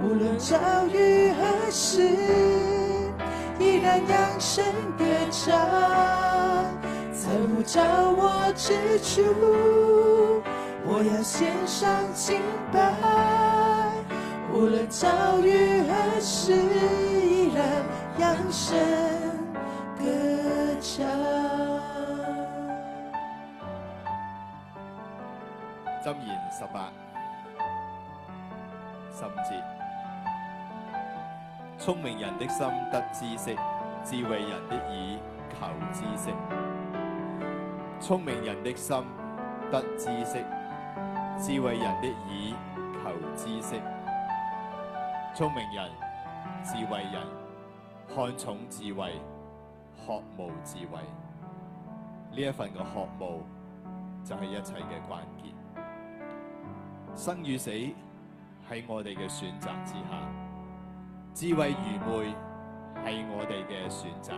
無論遭遇何時，依然揚聲歌唱。在無找我之處，我要獻上清白。無論遭遇何時，依然揚聲歌唱。箴言十八，十五節。聰明人的心得知識，智慧人的耳求知識。聰明人的心得知識，智慧人的耳求知識。聰明人、智慧人看重智慧，學無智慧。呢一份嘅學無就係一切嘅關鍵。生與死喺我哋嘅選擇之下。智慧愚昧，係我哋嘅選擇，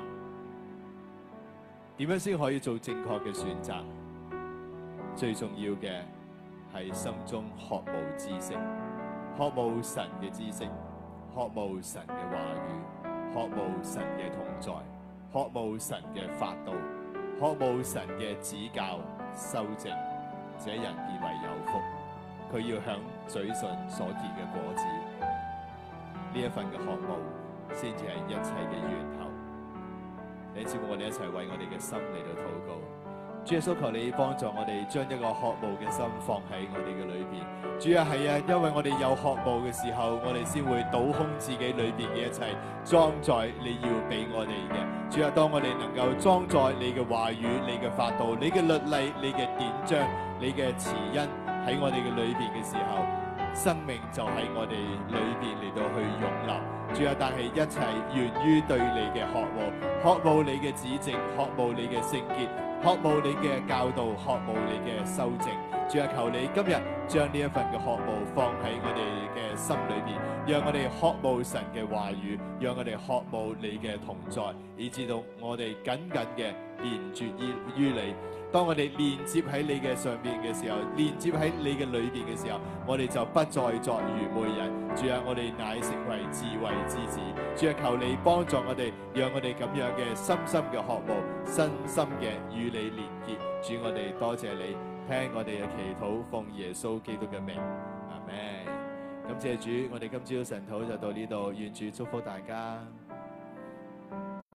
點樣先可以做正確嘅選擇？最重要嘅係心中渴慕知識，渴慕神嘅知識，渴慕神嘅話語，渴慕神嘅同在，渴慕神嘅法度，渴慕神嘅指教、修正，這人便為有福。佢要享嘴唇所結嘅果子。呢一份嘅渴慕，先至係一切嘅源頭。你知唔知我哋一齊為我哋嘅心嚟到禱告？主耶穌求你幫助我哋，將一個渴慕嘅心放喺我哋嘅裏邊。主啊，係啊，因為我哋有渴慕嘅時候，我哋先會倒空自己裏邊嘅一切，裝載你要俾我哋嘅。主啊，當我哋能夠裝載你嘅話語、你嘅法度、你嘅律例、你嘅典章、你嘅慈恩喺我哋嘅裏邊嘅時候，生命就喺我哋裏邊嚟到去湧流。主啊！但係一切源於對你嘅渴望，渴慕你嘅指正，渴慕你嘅聖潔，渴慕你嘅教導，渴慕你嘅修正。主啊，求你今日將呢一份嘅渴望放喺我哋嘅心裏邊，讓我哋渴慕神嘅話語，讓我哋渴慕你嘅同在，以至到我哋緊緊嘅連住依於你。當我哋連接喺你嘅上面嘅時候，連接喺你嘅裏面嘅時候，我哋就不再作愚昧人，主啊，我哋乃成為智慧之子。主啊，求你幫助我哋，讓我哋咁樣嘅深深嘅渴慕，深深嘅與你連結。主，我哋多謝你，聽我哋嘅祈禱，奉耶穌基督嘅名，阿門。感謝主，我哋今朝晨讀就到呢度，願主祝福大家。